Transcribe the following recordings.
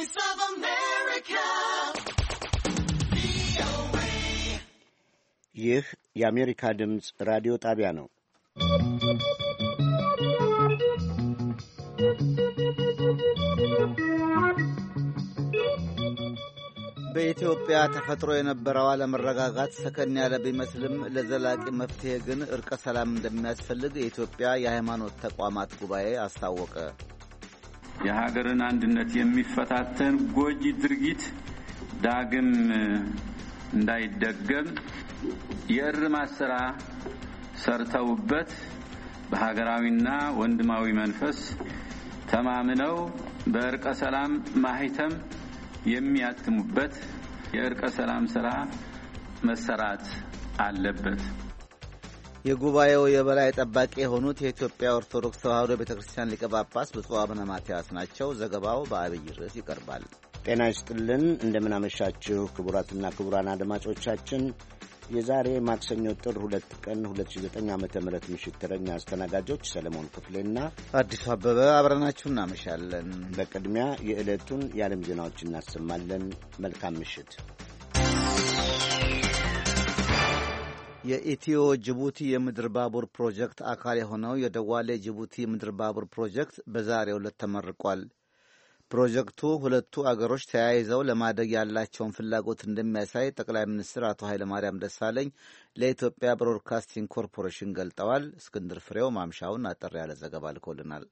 Voice of America. ይህ የአሜሪካ ድምፅ ራዲዮ ጣቢያ ነው። በኢትዮጵያ ተፈጥሮ የነበረው አለመረጋጋት ሰከን ያለ ቢመስልም ለዘላቂ መፍትሄ ግን እርቀ ሰላም እንደሚያስፈልግ የኢትዮጵያ የሃይማኖት ተቋማት ጉባኤ አስታወቀ። የሀገርን አንድነት የሚፈታተን ጎጂ ድርጊት ዳግም እንዳይደገም የእርማት ስራ ሰርተውበት በሀገራዊና ወንድማዊ መንፈስ ተማምነው በእርቀ ሰላም ማህተም የሚያትሙበት የእርቀ ሰላም ስራ መሰራት አለበት። የጉባኤው የበላይ ጠባቂ የሆኑት የኢትዮጵያ ኦርቶዶክስ ተዋሕዶ ቤተ ክርስቲያን ሊቀ ጳጳስ ብፁዕ አቡነ ማትያስ ናቸው። ዘገባው በአብይ ርዕስ ይቀርባል። ጤና ይስጥልን፣ እንደምናመሻችሁ ክቡራትና ክቡራን አድማጮቻችን የዛሬ ማክሰኞ ጥር ሁለት ቀን 2009 ዓ ም ምሽት ተረኛ አስተናጋጆች ሰለሞን ክፍሌና አዲሱ አበበ አብረናችሁ እናመሻለን። በቅድሚያ የዕለቱን የዓለም ዜናዎች እናሰማለን። መልካም ምሽት። የኢትዮ ጅቡቲ የምድር ባቡር ፕሮጀክት አካል የሆነው የደዋሌ ጅቡቲ ምድር ባቡር ፕሮጀክት በዛሬ ዕለት ተመርቋል። ፕሮጀክቱ ሁለቱ አገሮች ተያይዘው ለማደግ ያላቸውን ፍላጎት እንደሚያሳይ ጠቅላይ ሚኒስትር አቶ ኃይለማርያም ደሳለኝ ለኢትዮጵያ ብሮድካስቲንግ ኮርፖሬሽን ገልጠዋል። እስክንድር ፍሬው ማምሻውን አጠር ያለ ዘገባ ልኮልናል።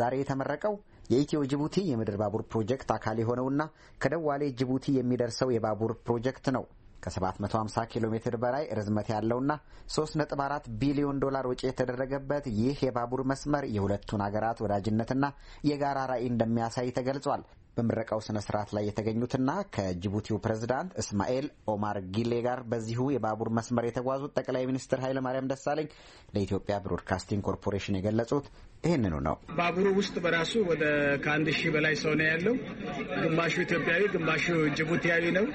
ዛሬ የተመረቀው የኢትዮ ጅቡቲ የምድር ባቡር ፕሮጀክት አካል የሆነውና ከደዋሌ ጅቡቲ የሚደርሰው የባቡር ፕሮጀክት ነው። ከ750 ኪሎ ሜትር በላይ ርዝመት ያለውና 3.4 ቢሊዮን ዶላር ወጪ የተደረገበት ይህ የባቡር መስመር የሁለቱን ሀገራት ወዳጅነትና የጋራ ራዕይ እንደሚያሳይ ተገልጿል። በምረቃው ስነ ስርዓት ላይ የተገኙትና ከጅቡቲው ፕሬዝዳንት እስማኤል ኦማር ጊሌ ጋር በዚሁ የባቡር መስመር የተጓዙት ጠቅላይ ሚኒስትር ኃይለማርያም ደሳለኝ ለኢትዮጵያ ብሮድካስቲንግ ኮርፖሬሽን የገለጹት ይህንኑ ነው። ባቡሩ ውስጥ በራሱ ወደ ከአንድ ሺህ በላይ ሰው ነው ያለው። ግማሹ ኢትዮጵያዊ፣ ግማሹ ጅቡቲያዊ ነው።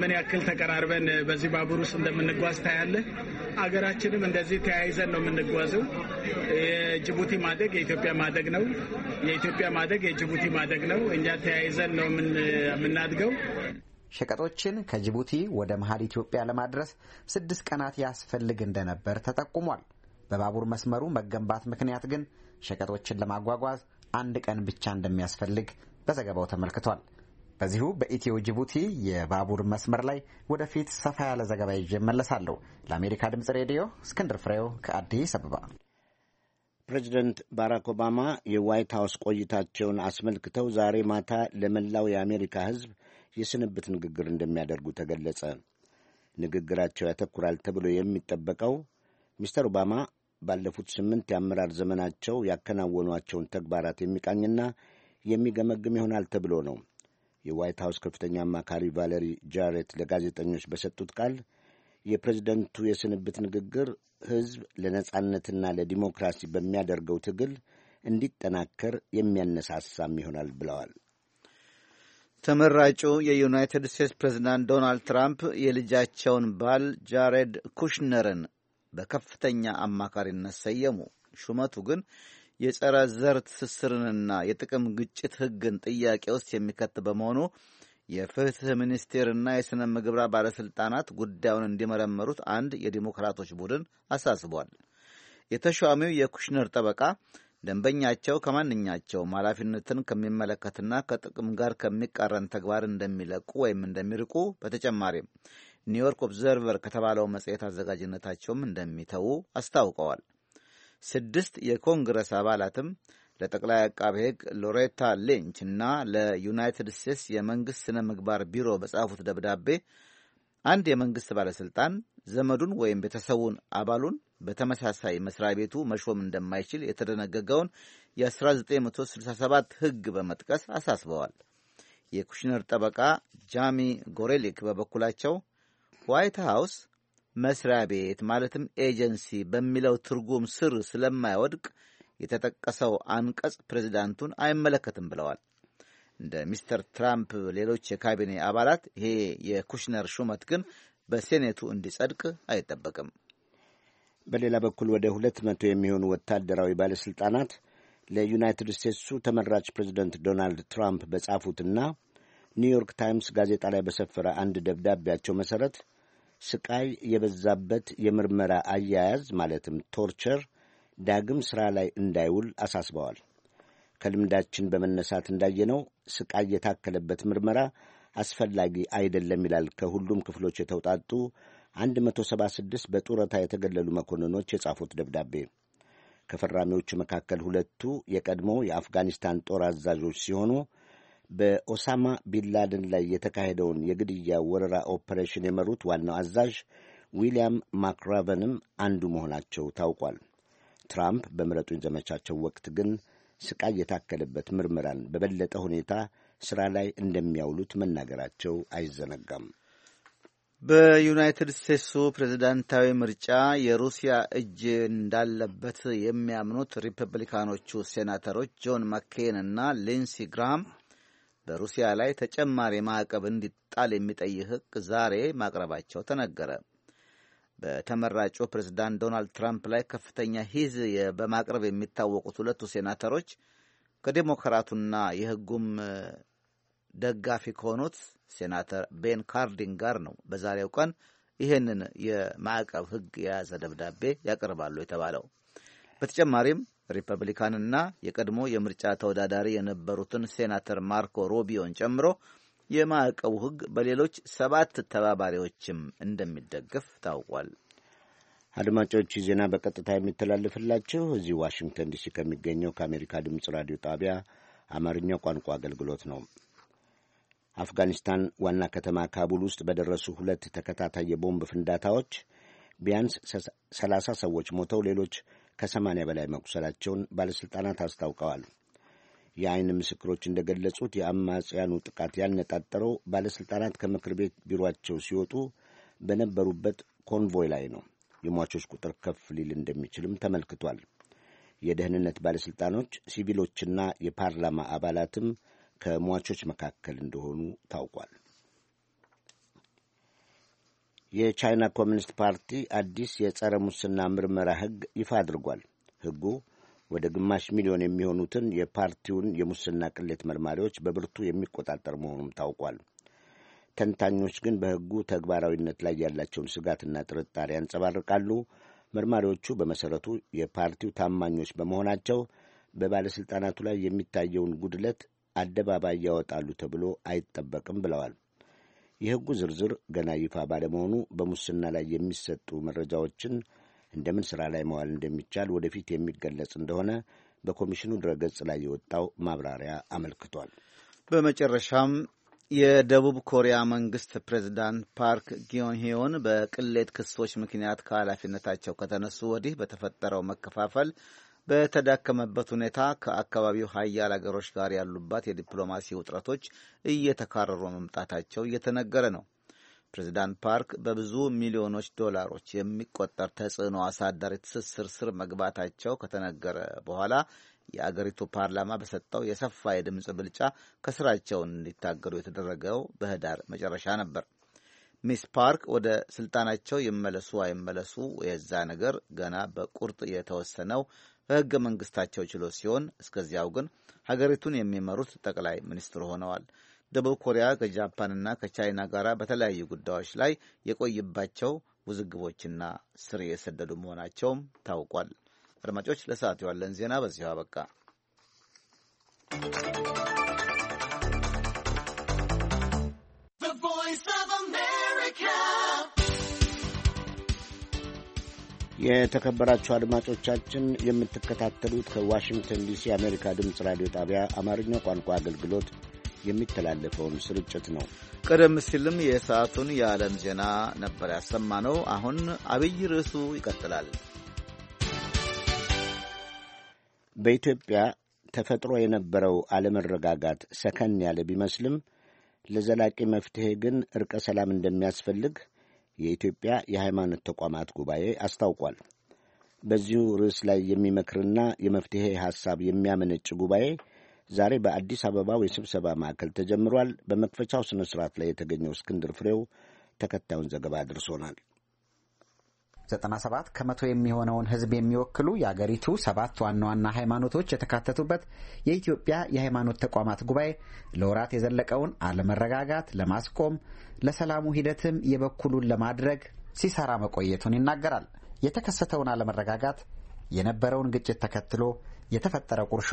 ምን ያክል ተቀራርበን በዚህ ባቡር ውስጥ እንደምንጓዝ ታያለህ። አገራችንም እንደዚህ ተያይዘን ነው የምንጓዘው። የጅቡቲ ማደግ የኢትዮጵያ ማደግ ነው። የኢትዮጵያ ማደግ የጅቡቲ ማደግ ነው። እኛ ተያይዘን ነው የምናድገው። ሸቀጦችን ከጅቡቲ ወደ መሀል ኢትዮጵያ ለማድረስ ስድስት ቀናት ያስፈልግ እንደነበር ተጠቁሟል። በባቡር መስመሩ መገንባት ምክንያት ግን ሸቀጦችን ለማጓጓዝ አንድ ቀን ብቻ እንደሚያስፈልግ በዘገባው ተመልክቷል። በዚሁ በኢትዮ ጅቡቲ የባቡር መስመር ላይ ወደፊት ሰፋ ያለ ዘገባ ይዤ እመለሳለሁ። ለአሜሪካ ድምፅ ሬዲዮ እስክንድር ፍሬው ከአዲስ አበባ። ፕሬዚደንት ባራክ ኦባማ የዋይት ሀውስ ቆይታቸውን አስመልክተው ዛሬ ማታ ለመላው የአሜሪካ ሕዝብ የስንብት ንግግር እንደሚያደርጉ ተገለጸ። ንግግራቸው ያተኩራል ተብሎ የሚጠበቀው ሚስተር ኦባማ ባለፉት ስምንት የአመራር ዘመናቸው ያከናወኗቸውን ተግባራት የሚቃኝና የሚገመግም ይሆናል ተብሎ ነው። የዋይት ሀውስ ከፍተኛ አማካሪ ቫለሪ ጃሬት ለጋዜጠኞች በሰጡት ቃል የፕሬዝደንቱ የስንብት ንግግር ሕዝብ ለነጻነትና ለዲሞክራሲ በሚያደርገው ትግል እንዲጠናከር የሚያነሳሳም ይሆናል ብለዋል። ተመራጩ የዩናይትድ ስቴትስ ፕሬዝዳንት ዶናልድ ትራምፕ የልጃቸውን ባል ጃሬድ ኩሽነርን በከፍተኛ አማካሪነት ሰየሙ። ሹመቱ ግን የጸረ ዘር ትስስርንና የጥቅም ግጭት ሕግን ጥያቄ ውስጥ የሚከት በመሆኑ የፍትህ ሚኒስቴርና የሥነ ምግብራ ባለሥልጣናት ጉዳዩን እንዲመረመሩት አንድ የዲሞክራቶች ቡድን አሳስቧል። የተሿሚው የኩሽነር ጠበቃ ደንበኛቸው ከማንኛቸውም ኃላፊነትን ከሚመለከትና ከጥቅም ጋር ከሚቃረን ተግባር እንደሚለቁ ወይም እንደሚርቁ በተጨማሪም ኒውዮርክ ኦብዘርቨር ከተባለው መጽሔት አዘጋጅነታቸውም እንደሚተዉ አስታውቀዋል። ስድስት የኮንግረስ አባላትም ለጠቅላይ አቃቤ ሕግ ሎሬታ ሊንች እና ለዩናይትድ ስቴትስ የመንግሥት ሥነ ምግባር ቢሮ በጻፉት ደብዳቤ አንድ የመንግሥት ባለሥልጣን ዘመዱን ወይም ቤተሰቡን አባሉን በተመሳሳይ መስሪያ ቤቱ መሾም እንደማይችል የተደነገገውን የ1967 ሕግ በመጥቀስ አሳስበዋል። የኩሽነር ጠበቃ ጃሚ ጎሬሊክ በበኩላቸው ዋይት ሃውስ መስሪያ ቤት ማለትም ኤጀንሲ በሚለው ትርጉም ስር ስለማይወድቅ የተጠቀሰው አንቀጽ ፕሬዚዳንቱን አይመለከትም ብለዋል። እንደ ሚስተር ትራምፕ ሌሎች የካቢኔ አባላት ይሄ የኩሽነር ሹመት ግን በሴኔቱ እንዲጸድቅ አይጠበቅም። በሌላ በኩል ወደ ሁለት መቶ የሚሆኑ ወታደራዊ ባለሥልጣናት ለዩናይትድ ስቴትሱ ተመራጭ ፕሬዚደንት ዶናልድ ትራምፕ በጻፉትና ኒውዮርክ ታይምስ ጋዜጣ ላይ በሰፈረ አንድ ደብዳቤያቸው መሠረት ስቃይ የበዛበት የምርመራ አያያዝ ማለትም ቶርቸር ዳግም ሥራ ላይ እንዳይውል አሳስበዋል። ከልምዳችን በመነሳት እንዳየነው ስቃይ የታከለበት ምርመራ አስፈላጊ አይደለም ይላል ከሁሉም ክፍሎች የተውጣጡ 176 በጡረታ የተገለሉ መኮንኖች የጻፉት ደብዳቤ። ከፈራሚዎቹ መካከል ሁለቱ የቀድሞ የአፍጋኒስታን ጦር አዛዦች ሲሆኑ በኦሳማ ቢንላደን ላይ የተካሄደውን የግድያ ወረራ ኦፐሬሽን የመሩት ዋናው አዛዥ ዊልያም ማክራቨንም አንዱ መሆናቸው ታውቋል። ትራምፕ በምረጡኝ ዘመቻቸው ወቅት ግን ስቃይ የታከለበት ምርመራን በበለጠ ሁኔታ ስራ ላይ እንደሚያውሉት መናገራቸው አይዘነጋም። በዩናይትድ ስቴትሱ ፕሬዝዳንታዊ ምርጫ የሩሲያ እጅ እንዳለበት የሚያምኑት ሪፐብሊካኖቹ ሴናተሮች ጆን ማኬን እና ሊንሲ ግራም በሩሲያ ላይ ተጨማሪ ማዕቀብ እንዲጣል የሚጠይቅ ሕግ ዛሬ ማቅረባቸው ተነገረ። በተመራጩ ፕሬዝዳንት ዶናልድ ትራምፕ ላይ ከፍተኛ ሂዝ በማቅረብ የሚታወቁት ሁለቱ ሴናተሮች ከዴሞክራቱና የሕጉም ደጋፊ ከሆኑት ሴናተር ቤን ካርዲን ጋር ነው በዛሬው ቀን ይህንን የማዕቀብ ሕግ የያዘ ደብዳቤ ያቀርባሉ የተባለው። በተጨማሪም ሪፐብሊካንና የቀድሞ የምርጫ ተወዳዳሪ የነበሩትን ሴናተር ማርኮ ሮቢዮን ጨምሮ የማዕቀቡ ሕግ በሌሎች ሰባት ተባባሪዎችም እንደሚደግፍ ታውቋል። አድማጮች ዜና በቀጥታ የሚተላለፍላችሁ እዚህ ዋሽንግተን ዲሲ ከሚገኘው ከአሜሪካ ድምፅ ራዲዮ ጣቢያ አማርኛው ቋንቋ አገልግሎት ነው። አፍጋኒስታን ዋና ከተማ ካቡል ውስጥ በደረሱ ሁለት ተከታታይ የቦምብ ፍንዳታዎች ቢያንስ ሰላሳ ሰዎች ሞተው ሌሎች ከሰማንያ በላይ መቁሰላቸውን ባለሥልጣናት አስታውቀዋል። የአይን ምስክሮች እንደገለጹት የአማጽያኑ ጥቃት ያነጣጠረው ባለሥልጣናት ከምክር ቤት ቢሮአቸው ሲወጡ በነበሩበት ኮንቮይ ላይ ነው። የሟቾች ቁጥር ከፍ ሊል እንደሚችልም ተመልክቷል። የደህንነት ባለሥልጣኖች ሲቪሎችና የፓርላማ አባላትም ከሟቾች መካከል እንደሆኑ ታውቋል። የቻይና ኮሚኒስት ፓርቲ አዲስ የጸረ ሙስና ምርመራ ሕግ ይፋ አድርጓል። ሕጉ ወደ ግማሽ ሚሊዮን የሚሆኑትን የፓርቲውን የሙስና ቅሌት መርማሪዎች በብርቱ የሚቆጣጠር መሆኑም ታውቋል። ተንታኞች ግን በሕጉ ተግባራዊነት ላይ ያላቸውን ስጋትና ጥርጣሬ ያንጸባርቃሉ። መርማሪዎቹ በመሠረቱ የፓርቲው ታማኞች በመሆናቸው በባለሥልጣናቱ ላይ የሚታየውን ጉድለት አደባባይ ያወጣሉ ተብሎ አይጠበቅም ብለዋል። የሕጉ ዝርዝር ገና ይፋ ባለመሆኑ በሙስና ላይ የሚሰጡ መረጃዎችን እንደምን ሥራ ላይ መዋል እንደሚቻል ወደፊት የሚገለጽ እንደሆነ በኮሚሽኑ ድረገጽ ላይ የወጣው ማብራሪያ አመልክቷል። በመጨረሻም የደቡብ ኮሪያ መንግስት ፕሬዚዳንት ፓርክ ጊዮንሄዮን በቅሌት ክሶች ምክንያት ከኃላፊነታቸው ከተነሱ ወዲህ በተፈጠረው መከፋፈል በተዳከመበት ሁኔታ ከአካባቢው ሀያል አገሮች ጋር ያሉባት የዲፕሎማሲ ውጥረቶች እየተካረሩ መምጣታቸው እየተነገረ ነው። ፕሬዚዳንት ፓርክ በብዙ ሚሊዮኖች ዶላሮች የሚቆጠር ተጽዕኖ አሳዳሪ ትስስር ስር መግባታቸው ከተነገረ በኋላ የአገሪቱ ፓርላማ በሰጠው የሰፋ የድምፅ ብልጫ ከስራቸውን እንዲታገዱ የተደረገው በህዳር መጨረሻ ነበር። ሚስ ፓርክ ወደ ስልጣናቸው ይመለሱ አይመለሱ የዛ ነገር ገና በቁርጥ የተወሰነው በሕገ መንግስታቸው ችሎት ሲሆን እስከዚያው ግን ሀገሪቱን የሚመሩት ጠቅላይ ሚኒስትር ሆነዋል። ደቡብ ኮሪያ ከጃፓንና ከቻይና ጋር በተለያዩ ጉዳዮች ላይ የቆይባቸው ውዝግቦችና ስር የሰደዱ መሆናቸውም ታውቋል። አድማጮች፣ ለሰዓት ያለን ዜና በዚሁ አበቃ። የተከበራችሁ አድማጮቻችን የምትከታተሉት ከዋሽንግተን ዲሲ የአሜሪካ ድምፅ ራዲዮ ጣቢያ አማርኛ ቋንቋ አገልግሎት የሚተላለፈውን ስርጭት ነው። ቀደም ሲልም የሰዓቱን የዓለም ዜና ነበር ያሰማ ነው። አሁን አብይ ርዕሱ ይቀጥላል። በኢትዮጵያ ተፈጥሮ የነበረው አለመረጋጋት ሰከን ያለ ቢመስልም ለዘላቂ መፍትሔ ግን እርቀ ሰላም እንደሚያስፈልግ የኢትዮጵያ የሃይማኖት ተቋማት ጉባኤ አስታውቋል። በዚሁ ርዕስ ላይ የሚመክርና የመፍትሔ ሐሳብ የሚያመነጭ ጉባኤ ዛሬ በአዲስ አበባው የስብሰባ ማዕከል ተጀምሯል። በመክፈቻው ሥነ ሥርዓት ላይ የተገኘው እስክንድር ፍሬው ተከታዩን ዘገባ አድርሶናል። 97 ከመቶ የሚሆነውን ህዝብ የሚወክሉ የአገሪቱ ሰባት ዋና ዋና ሃይማኖቶች የተካተቱበት የኢትዮጵያ የሃይማኖት ተቋማት ጉባኤ ለወራት የዘለቀውን አለመረጋጋት ለማስቆም ለሰላሙ ሂደትም የበኩሉን ለማድረግ ሲሰራ መቆየቱን ይናገራል። የተከሰተውን አለመረጋጋት የነበረውን ግጭት ተከትሎ የተፈጠረ ቁርሾ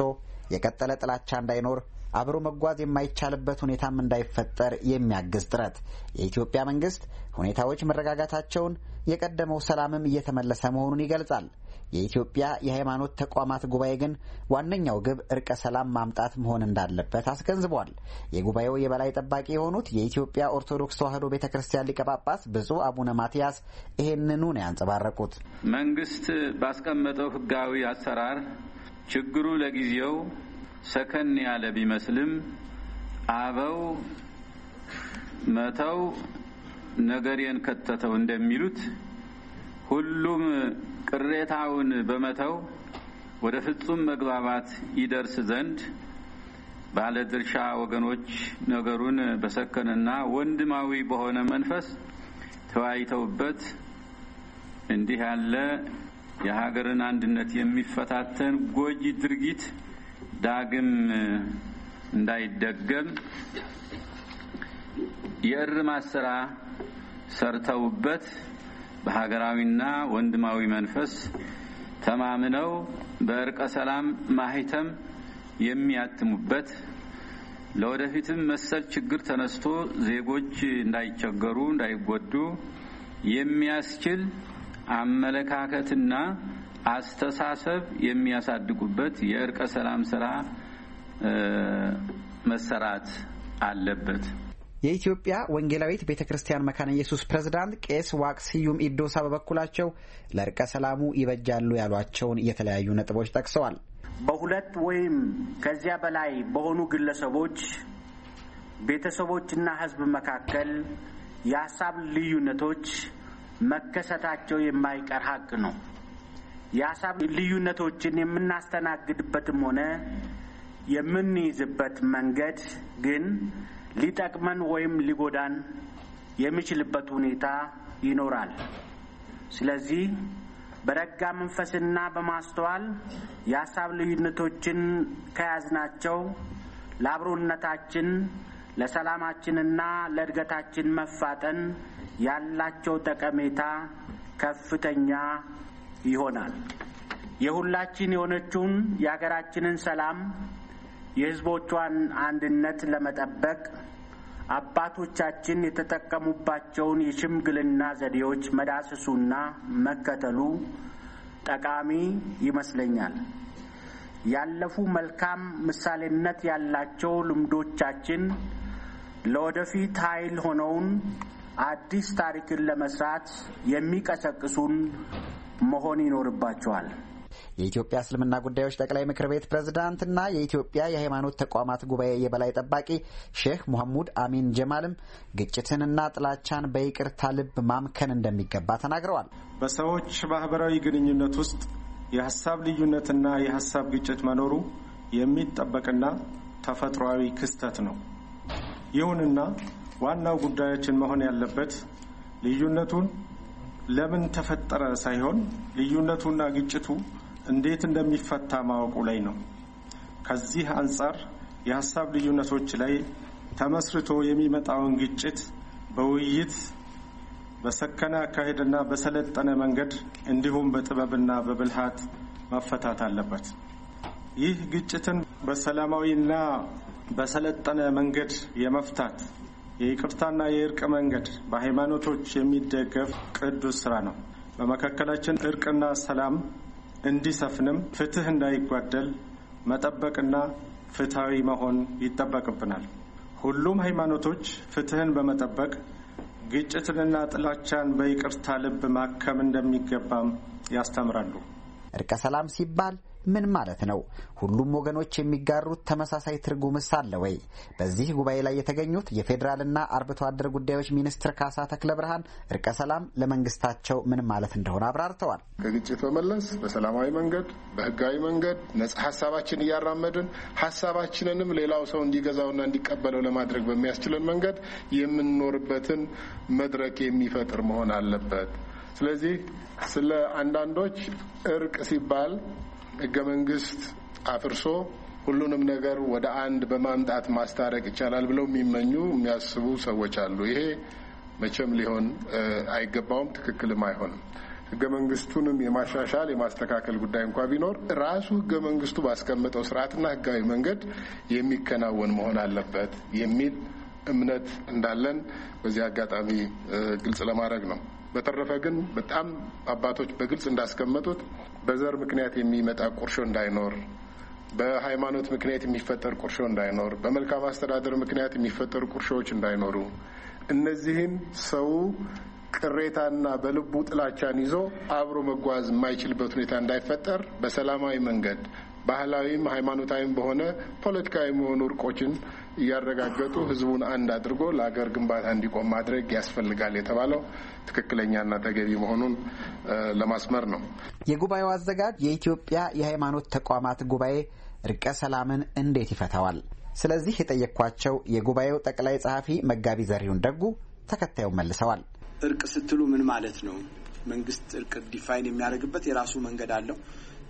የቀጠለ ጥላቻ እንዳይኖር አብሮ መጓዝ የማይቻልበት ሁኔታም እንዳይፈጠር የሚያግዝ ጥረት የኢትዮጵያ መንግስት ሁኔታዎች መረጋጋታቸውን የቀደመው ሰላምም እየተመለሰ መሆኑን ይገልጻል። የኢትዮጵያ የሃይማኖት ተቋማት ጉባኤ ግን ዋነኛው ግብ እርቀ ሰላም ማምጣት መሆን እንዳለበት አስገንዝቧል። የጉባኤው የበላይ ጠባቂ የሆኑት የኢትዮጵያ ኦርቶዶክስ ተዋሕዶ ቤተ ክርስቲያን ሊቀ ጳጳስ ብፁዕ አቡነ ማትያስ ይህንኑ ነው ያንጸባረቁት። መንግስት ባስቀመጠው ህጋዊ አሰራር ችግሩ ለጊዜው ሰከን ያለ ቢመስልም አበው መተው ነገሬን ከተተው እንደሚሉት ሁሉም ቅሬታውን በመተው ወደ ፍጹም መግባባት ይደርስ ዘንድ ባለድርሻ ወገኖች ነገሩን በሰከንና ወንድማዊ በሆነ መንፈስ ተወያይተውበት እንዲህ ያለ የሀገርን አንድነት የሚፈታተን ጎጂ ድርጊት ዳግም እንዳይደገም የእርማት ስራ ሰርተውበት በሀገራዊና ወንድማዊ መንፈስ ተማምነው በእርቀ ሰላም ማህተም የሚያትሙበት ለወደፊትም መሰል ችግር ተነስቶ ዜጎች እንዳይቸገሩ፣ እንዳይጎዱ የሚያስችል አመለካከትና አስተሳሰብ የሚያሳድጉበት የእርቀ ሰላም ስራ መሰራት አለበት። የኢትዮጵያ ወንጌላዊት ቤተ ክርስቲያን መካነ ኢየሱስ ፕሬዝዳንት ቄስ ዋቅ ስዩም ኢዶሳ በበኩላቸው ለእርቀ ሰላሙ ይበጃሉ ያሏቸውን የተለያዩ ነጥቦች ጠቅሰዋል። በሁለት ወይም ከዚያ በላይ በሆኑ ግለሰቦች፣ ቤተሰቦችና ሕዝብ መካከል የሀሳብ ልዩነቶች መከሰታቸው የማይቀር ሀቅ ነው። የሀሳብ ልዩነቶችን የምናስተናግድበትም ሆነ የምንይዝበት መንገድ ግን ሊጠቅመን ወይም ሊጎዳን የሚችልበት ሁኔታ ይኖራል። ስለዚህ በረጋ መንፈስና በማስተዋል የሀሳብ ልዩነቶችን ከያዝናቸው ለአብሮነታችን፣ ለሰላማችንና ለእድገታችን መፋጠን ያላቸው ጠቀሜታ ከፍተኛ ይሆናል። የሁላችን የሆነችውን የሀገራችንን ሰላም፣ የሕዝቦቿን አንድነት ለመጠበቅ አባቶቻችን የተጠቀሙባቸውን የሽምግልና ዘዴዎች መዳሰሱና መከተሉ ጠቃሚ ይመስለኛል። ያለፉ መልካም ምሳሌነት ያላቸው ልምዶቻችን ለወደፊት ኃይል ሆነውን አዲስ ታሪክን ለመስራት የሚቀሰቅሱን መሆን ይኖርባቸዋል። የኢትዮጵያ እስልምና ጉዳዮች ጠቅላይ ምክር ቤት ፕሬዝዳንትና የኢትዮጵያ የሃይማኖት ተቋማት ጉባኤ የበላይ ጠባቂ ሼህ ሙሐሙድ አሚን ጀማልም ግጭትንና ጥላቻን በይቅርታ ልብ ማምከን እንደሚገባ ተናግረዋል። በሰዎች ማህበራዊ ግንኙነት ውስጥ የሀሳብ ልዩነትና የሀሳብ ግጭት መኖሩ የሚጠበቅና ተፈጥሯዊ ክስተት ነው። ይሁንና ዋናው ጉዳያችን መሆን ያለበት ልዩነቱን ለምን ተፈጠረ ሳይሆን ልዩነቱና ግጭቱ እንዴት እንደሚፈታ ማወቁ ላይ ነው። ከዚህ አንጻር የሀሳብ ልዩነቶች ላይ ተመስርቶ የሚመጣውን ግጭት በውይይት በሰከነ አካሄድና በሰለጠነ መንገድ እንዲሁም በጥበብና በብልሃት መፈታት አለበት። ይህ ግጭትን በሰላማዊና በሰለጠነ መንገድ የመፍታት የይቅርታና የእርቅ መንገድ በሃይማኖቶች የሚደገፍ ቅዱስ ስራ ነው። በመካከላችን እርቅና ሰላም እንዲሰፍንም ፍትህ እንዳይጓደል መጠበቅና ፍትሐዊ መሆን ይጠበቅብናል። ሁሉም ሃይማኖቶች ፍትህን በመጠበቅ ግጭትንና ጥላቻን በይቅርታ ልብ ማከም እንደሚገባም ያስተምራሉ። እርቀ ሰላም ሲባል ምን ማለት ነው? ሁሉም ወገኖች የሚጋሩት ተመሳሳይ ትርጉምስ አለ ወይ? በዚህ ጉባኤ ላይ የተገኙት የፌዴራልና አርብቶ አደር ጉዳዮች ሚኒስትር ካሳ ተክለ ብርሃን እርቀ ሰላም ለመንግስታቸው ምን ማለት እንደሆነ አብራርተዋል። ከግጭት በመለስ በሰላማዊ መንገድ በህጋዊ መንገድ ነጻ ሀሳባችን እያራመድን ሀሳባችንንም ሌላው ሰው እንዲገዛውና እንዲቀበለው ለማድረግ በሚያስችለን መንገድ የምንኖርበትን መድረክ የሚፈጥር መሆን አለበት። ስለዚህ ስለ አንዳንዶች እርቅ ሲባል ህገ መንግስት አፍርሶ ሁሉንም ነገር ወደ አንድ በማምጣት ማስታረቅ ይቻላል ብለው የሚመኙ የሚያስቡ ሰዎች አሉ። ይሄ መቼም ሊሆን አይገባውም፣ ትክክልም አይሆንም። ህገ መንግስቱንም የማሻሻል የማስተካከል ጉዳይ እንኳ ቢኖር ራሱ ህገ መንግስቱ ባስቀመጠው ስርዓትና ህጋዊ መንገድ የሚከናወን መሆን አለበት የሚል እምነት እንዳለን በዚህ አጋጣሚ ግልጽ ለማድረግ ነው። በተረፈ ግን በጣም አባቶች በግልጽ እንዳስቀመጡት በዘር ምክንያት የሚመጣ ቁርሾ እንዳይኖር፣ በሃይማኖት ምክንያት የሚፈጠር ቁርሾ እንዳይኖር፣ በመልካም አስተዳደር ምክንያት የሚፈጠሩ ቁርሾዎች እንዳይኖሩ እነዚህን ሰው ቅሬታና በልቡ ጥላቻን ይዞ አብሮ መጓዝ የማይችልበት ሁኔታ እንዳይፈጠር በሰላማዊ መንገድ ባህላዊም ሃይማኖታዊም በሆነ ፖለቲካዊ የሆኑ እርቆችን እያረጋገጡ ህዝቡን አንድ አድርጎ ለሀገር ግንባታ እንዲቆም ማድረግ ያስፈልጋል የተባለው ትክክለኛና ተገቢ መሆኑን ለማስመር ነው። የጉባኤው አዘጋጅ የኢትዮጵያ የሃይማኖት ተቋማት ጉባኤ እርቀ ሰላምን እንዴት ይፈታዋል? ስለዚህ የጠየቅኳቸው የጉባኤው ጠቅላይ ጸሐፊ መጋቢ ዘሪሁን ደጉ ተከታዩን መልሰዋል። እርቅ ስትሉ ምን ማለት ነው? መንግስት እርቅ ዲፋይን የሚያደርግበት የራሱ መንገድ አለው።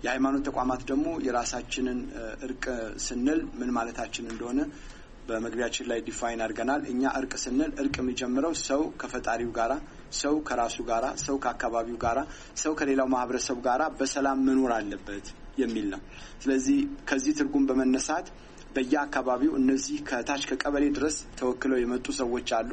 የሃይማኖት ተቋማት ደግሞ የራሳችንን እርቅ ስንል ምን ማለታችን እንደሆነ በመግቢያችን ላይ ዲፋይን አድርገናል። እኛ እርቅ ስንል እርቅ የሚጀምረው ሰው ከፈጣሪው ጋራ፣ ሰው ከራሱ ጋራ፣ ሰው ከአካባቢው ጋራ፣ ሰው ከሌላው ማህበረሰብ ጋራ በሰላም መኖር አለበት የሚል ነው። ስለዚህ ከዚህ ትርጉም በመነሳት በየአካባቢው እነዚህ ከታች ከቀበሌ ድረስ ተወክለው የመጡ ሰዎች አሉ።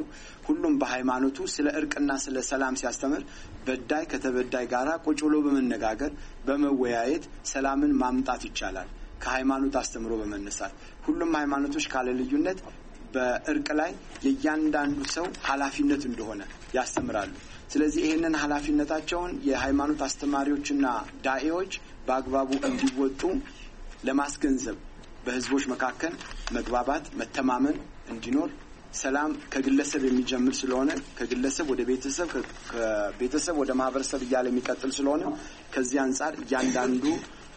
ሁሉም በሃይማኖቱ ስለ እርቅና ስለ ሰላም ሲያስተምር በዳይ ከተበዳይ ጋራ ቁጭ ብሎ በመነጋገር በመወያየት ሰላምን ማምጣት ይቻላል ከሃይማኖት አስተምሮ በመነሳት ሁሉም ሃይማኖቶች ካለ ልዩነት በእርቅ ላይ የእያንዳንዱ ሰው ኃላፊነት እንደሆነ ያስተምራሉ። ስለዚህ ይህንን ኃላፊነታቸውን የሃይማኖት አስተማሪዎችና ዳኤዎች በአግባቡ እንዲወጡ ለማስገንዘብ በህዝቦች መካከል መግባባት፣ መተማመን እንዲኖር ሰላም ከግለሰብ የሚጀምር ስለሆነ ከግለሰብ ወደ ቤተሰብ ከቤተሰብ ወደ ማህበረሰብ እያለ የሚቀጥል ስለሆነ ከዚህ አንጻር እያንዳንዱ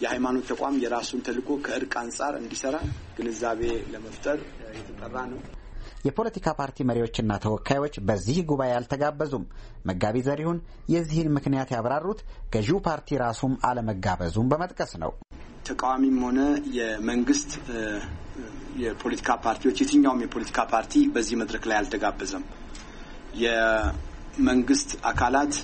የሃይማኖት ተቋም የራሱን ተልዕኮ ከእርቅ አንጻር እንዲሰራ ግንዛቤ ለመፍጠር የተጠራ ነው። የፖለቲካ ፓርቲ መሪዎችና ተወካዮች በዚህ ጉባኤ አልተጋበዙም። መጋቢ ዘሪሁን የዚህን ምክንያት ያብራሩት ገዢው ፓርቲ ራሱም አለመጋበዙም በመጥቀስ ነው። ተቃዋሚም ሆነ የመንግስት የፖለቲካ ፓርቲዎች የትኛውም የፖለቲካ ፓርቲ በዚህ መድረክ ላይ አልተጋበዘም። የመንግስት አካላት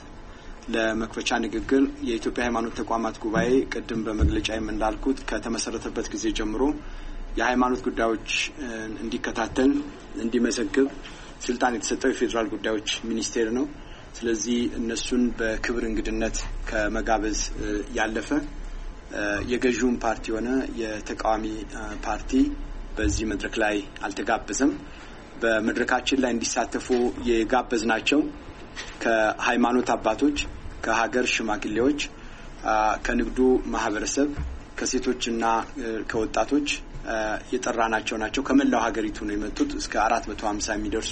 ለመክፈቻ ንግግር የኢትዮጵያ ሃይማኖት ተቋማት ጉባኤ ቅድም በመግለጫ እንዳልኩት ከተመሰረተበት ጊዜ ጀምሮ የሃይማኖት ጉዳዮች እንዲከታተል፣ እንዲመዘግብ ስልጣን የተሰጠው የፌዴራል ጉዳዮች ሚኒስቴር ነው። ስለዚህ እነሱን በክብር እንግድነት ከመጋበዝ ያለፈ የገዥውን ፓርቲ የሆነ የተቃዋሚ ፓርቲ በዚህ መድረክ ላይ አልተጋበዘም። በመድረካችን ላይ እንዲሳተፉ የጋበዝ ናቸው ከሃይማኖት አባቶች፣ ከሀገር ሽማግሌዎች፣ ከንግዱ ማህበረሰብ፣ ከሴቶችና ከወጣቶች የጠራናቸው ናቸው። ከመላው ሀገሪቱ ነው የመጡት እስከ አራት መቶ ሀምሳ የሚደርሱ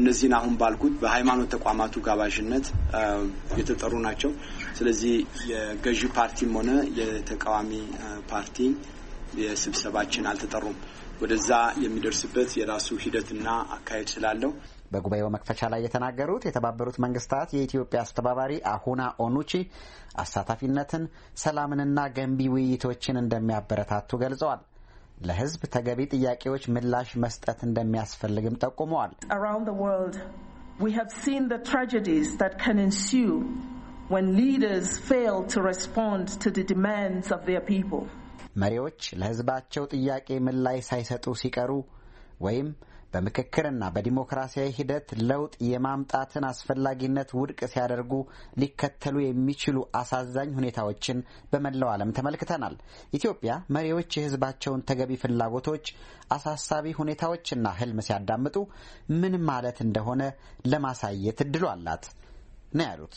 እነዚህን አሁን ባልኩት በሃይማኖት ተቋማቱ ጋባዥነት የተጠሩ ናቸው። ስለዚህ የገዢ ፓርቲም ሆነ የተቃዋሚ ፓርቲ የስብሰባችን አልተጠሩም። ወደዛ የሚደርስበት የራሱ ሂደትና አካሄድ ስላለው በጉባኤው መክፈቻ ላይ የተናገሩት የተባበሩት መንግስታት የኢትዮጵያ አስተባባሪ አሁና ኦኑቺ አሳታፊነትን፣ ሰላምንና ገንቢ ውይይቶችን እንደሚያበረታቱ ገልጸዋል። ለህዝብ ተገቢ ጥያቄዎች ምላሽ መስጠት እንደሚያስፈልግም ጠቁመዋል። መሪዎች ለህዝባቸው ጥያቄ ምላሽ ሳይሰጡ ሲቀሩ ወይም በምክክርና በዲሞክራሲያዊ ሂደት ለውጥ የማምጣትን አስፈላጊነት ውድቅ ሲያደርጉ ሊከተሉ የሚችሉ አሳዛኝ ሁኔታዎችን በመላው ዓለም ተመልክተናል። ኢትዮጵያ መሪዎች የሕዝባቸውን ተገቢ ፍላጎቶች፣ አሳሳቢ ሁኔታዎችና ህልም ሲያዳምጡ ምን ማለት እንደሆነ ለማሳየት እድሉ አላት ነው ያሉት።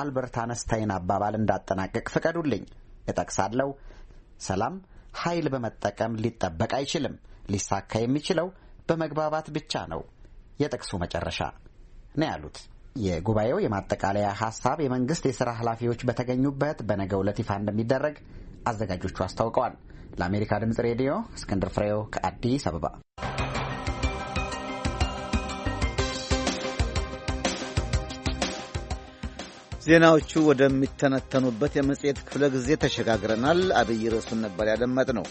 አልበርት አነስታይን አባባል እንዳጠናቀቅ ፍቀዱልኝ። እጠቅሳለሁ። ሰላም ኃይል በመጠቀም ሊጠበቅ አይችልም። ሊሳካ የሚችለው በመግባባት ብቻ ነው። የጥቅሱ መጨረሻ ነው ያሉት። የጉባኤው የማጠቃለያ ሀሳብ የመንግስት የሥራ ኃላፊዎች በተገኙበት በነገው ዕለት ይፋ እንደሚደረግ አዘጋጆቹ አስታውቀዋል። ለአሜሪካ ድምፅ ሬዲዮ እስክንድር ፍሬው ከአዲስ አበባ ዜናዎቹ ወደሚተነተኑበት የመጽሔት ክፍለ ጊዜ ተሸጋግረናል። አብይ ርዕሱን ነበር ያደመጥ ነው።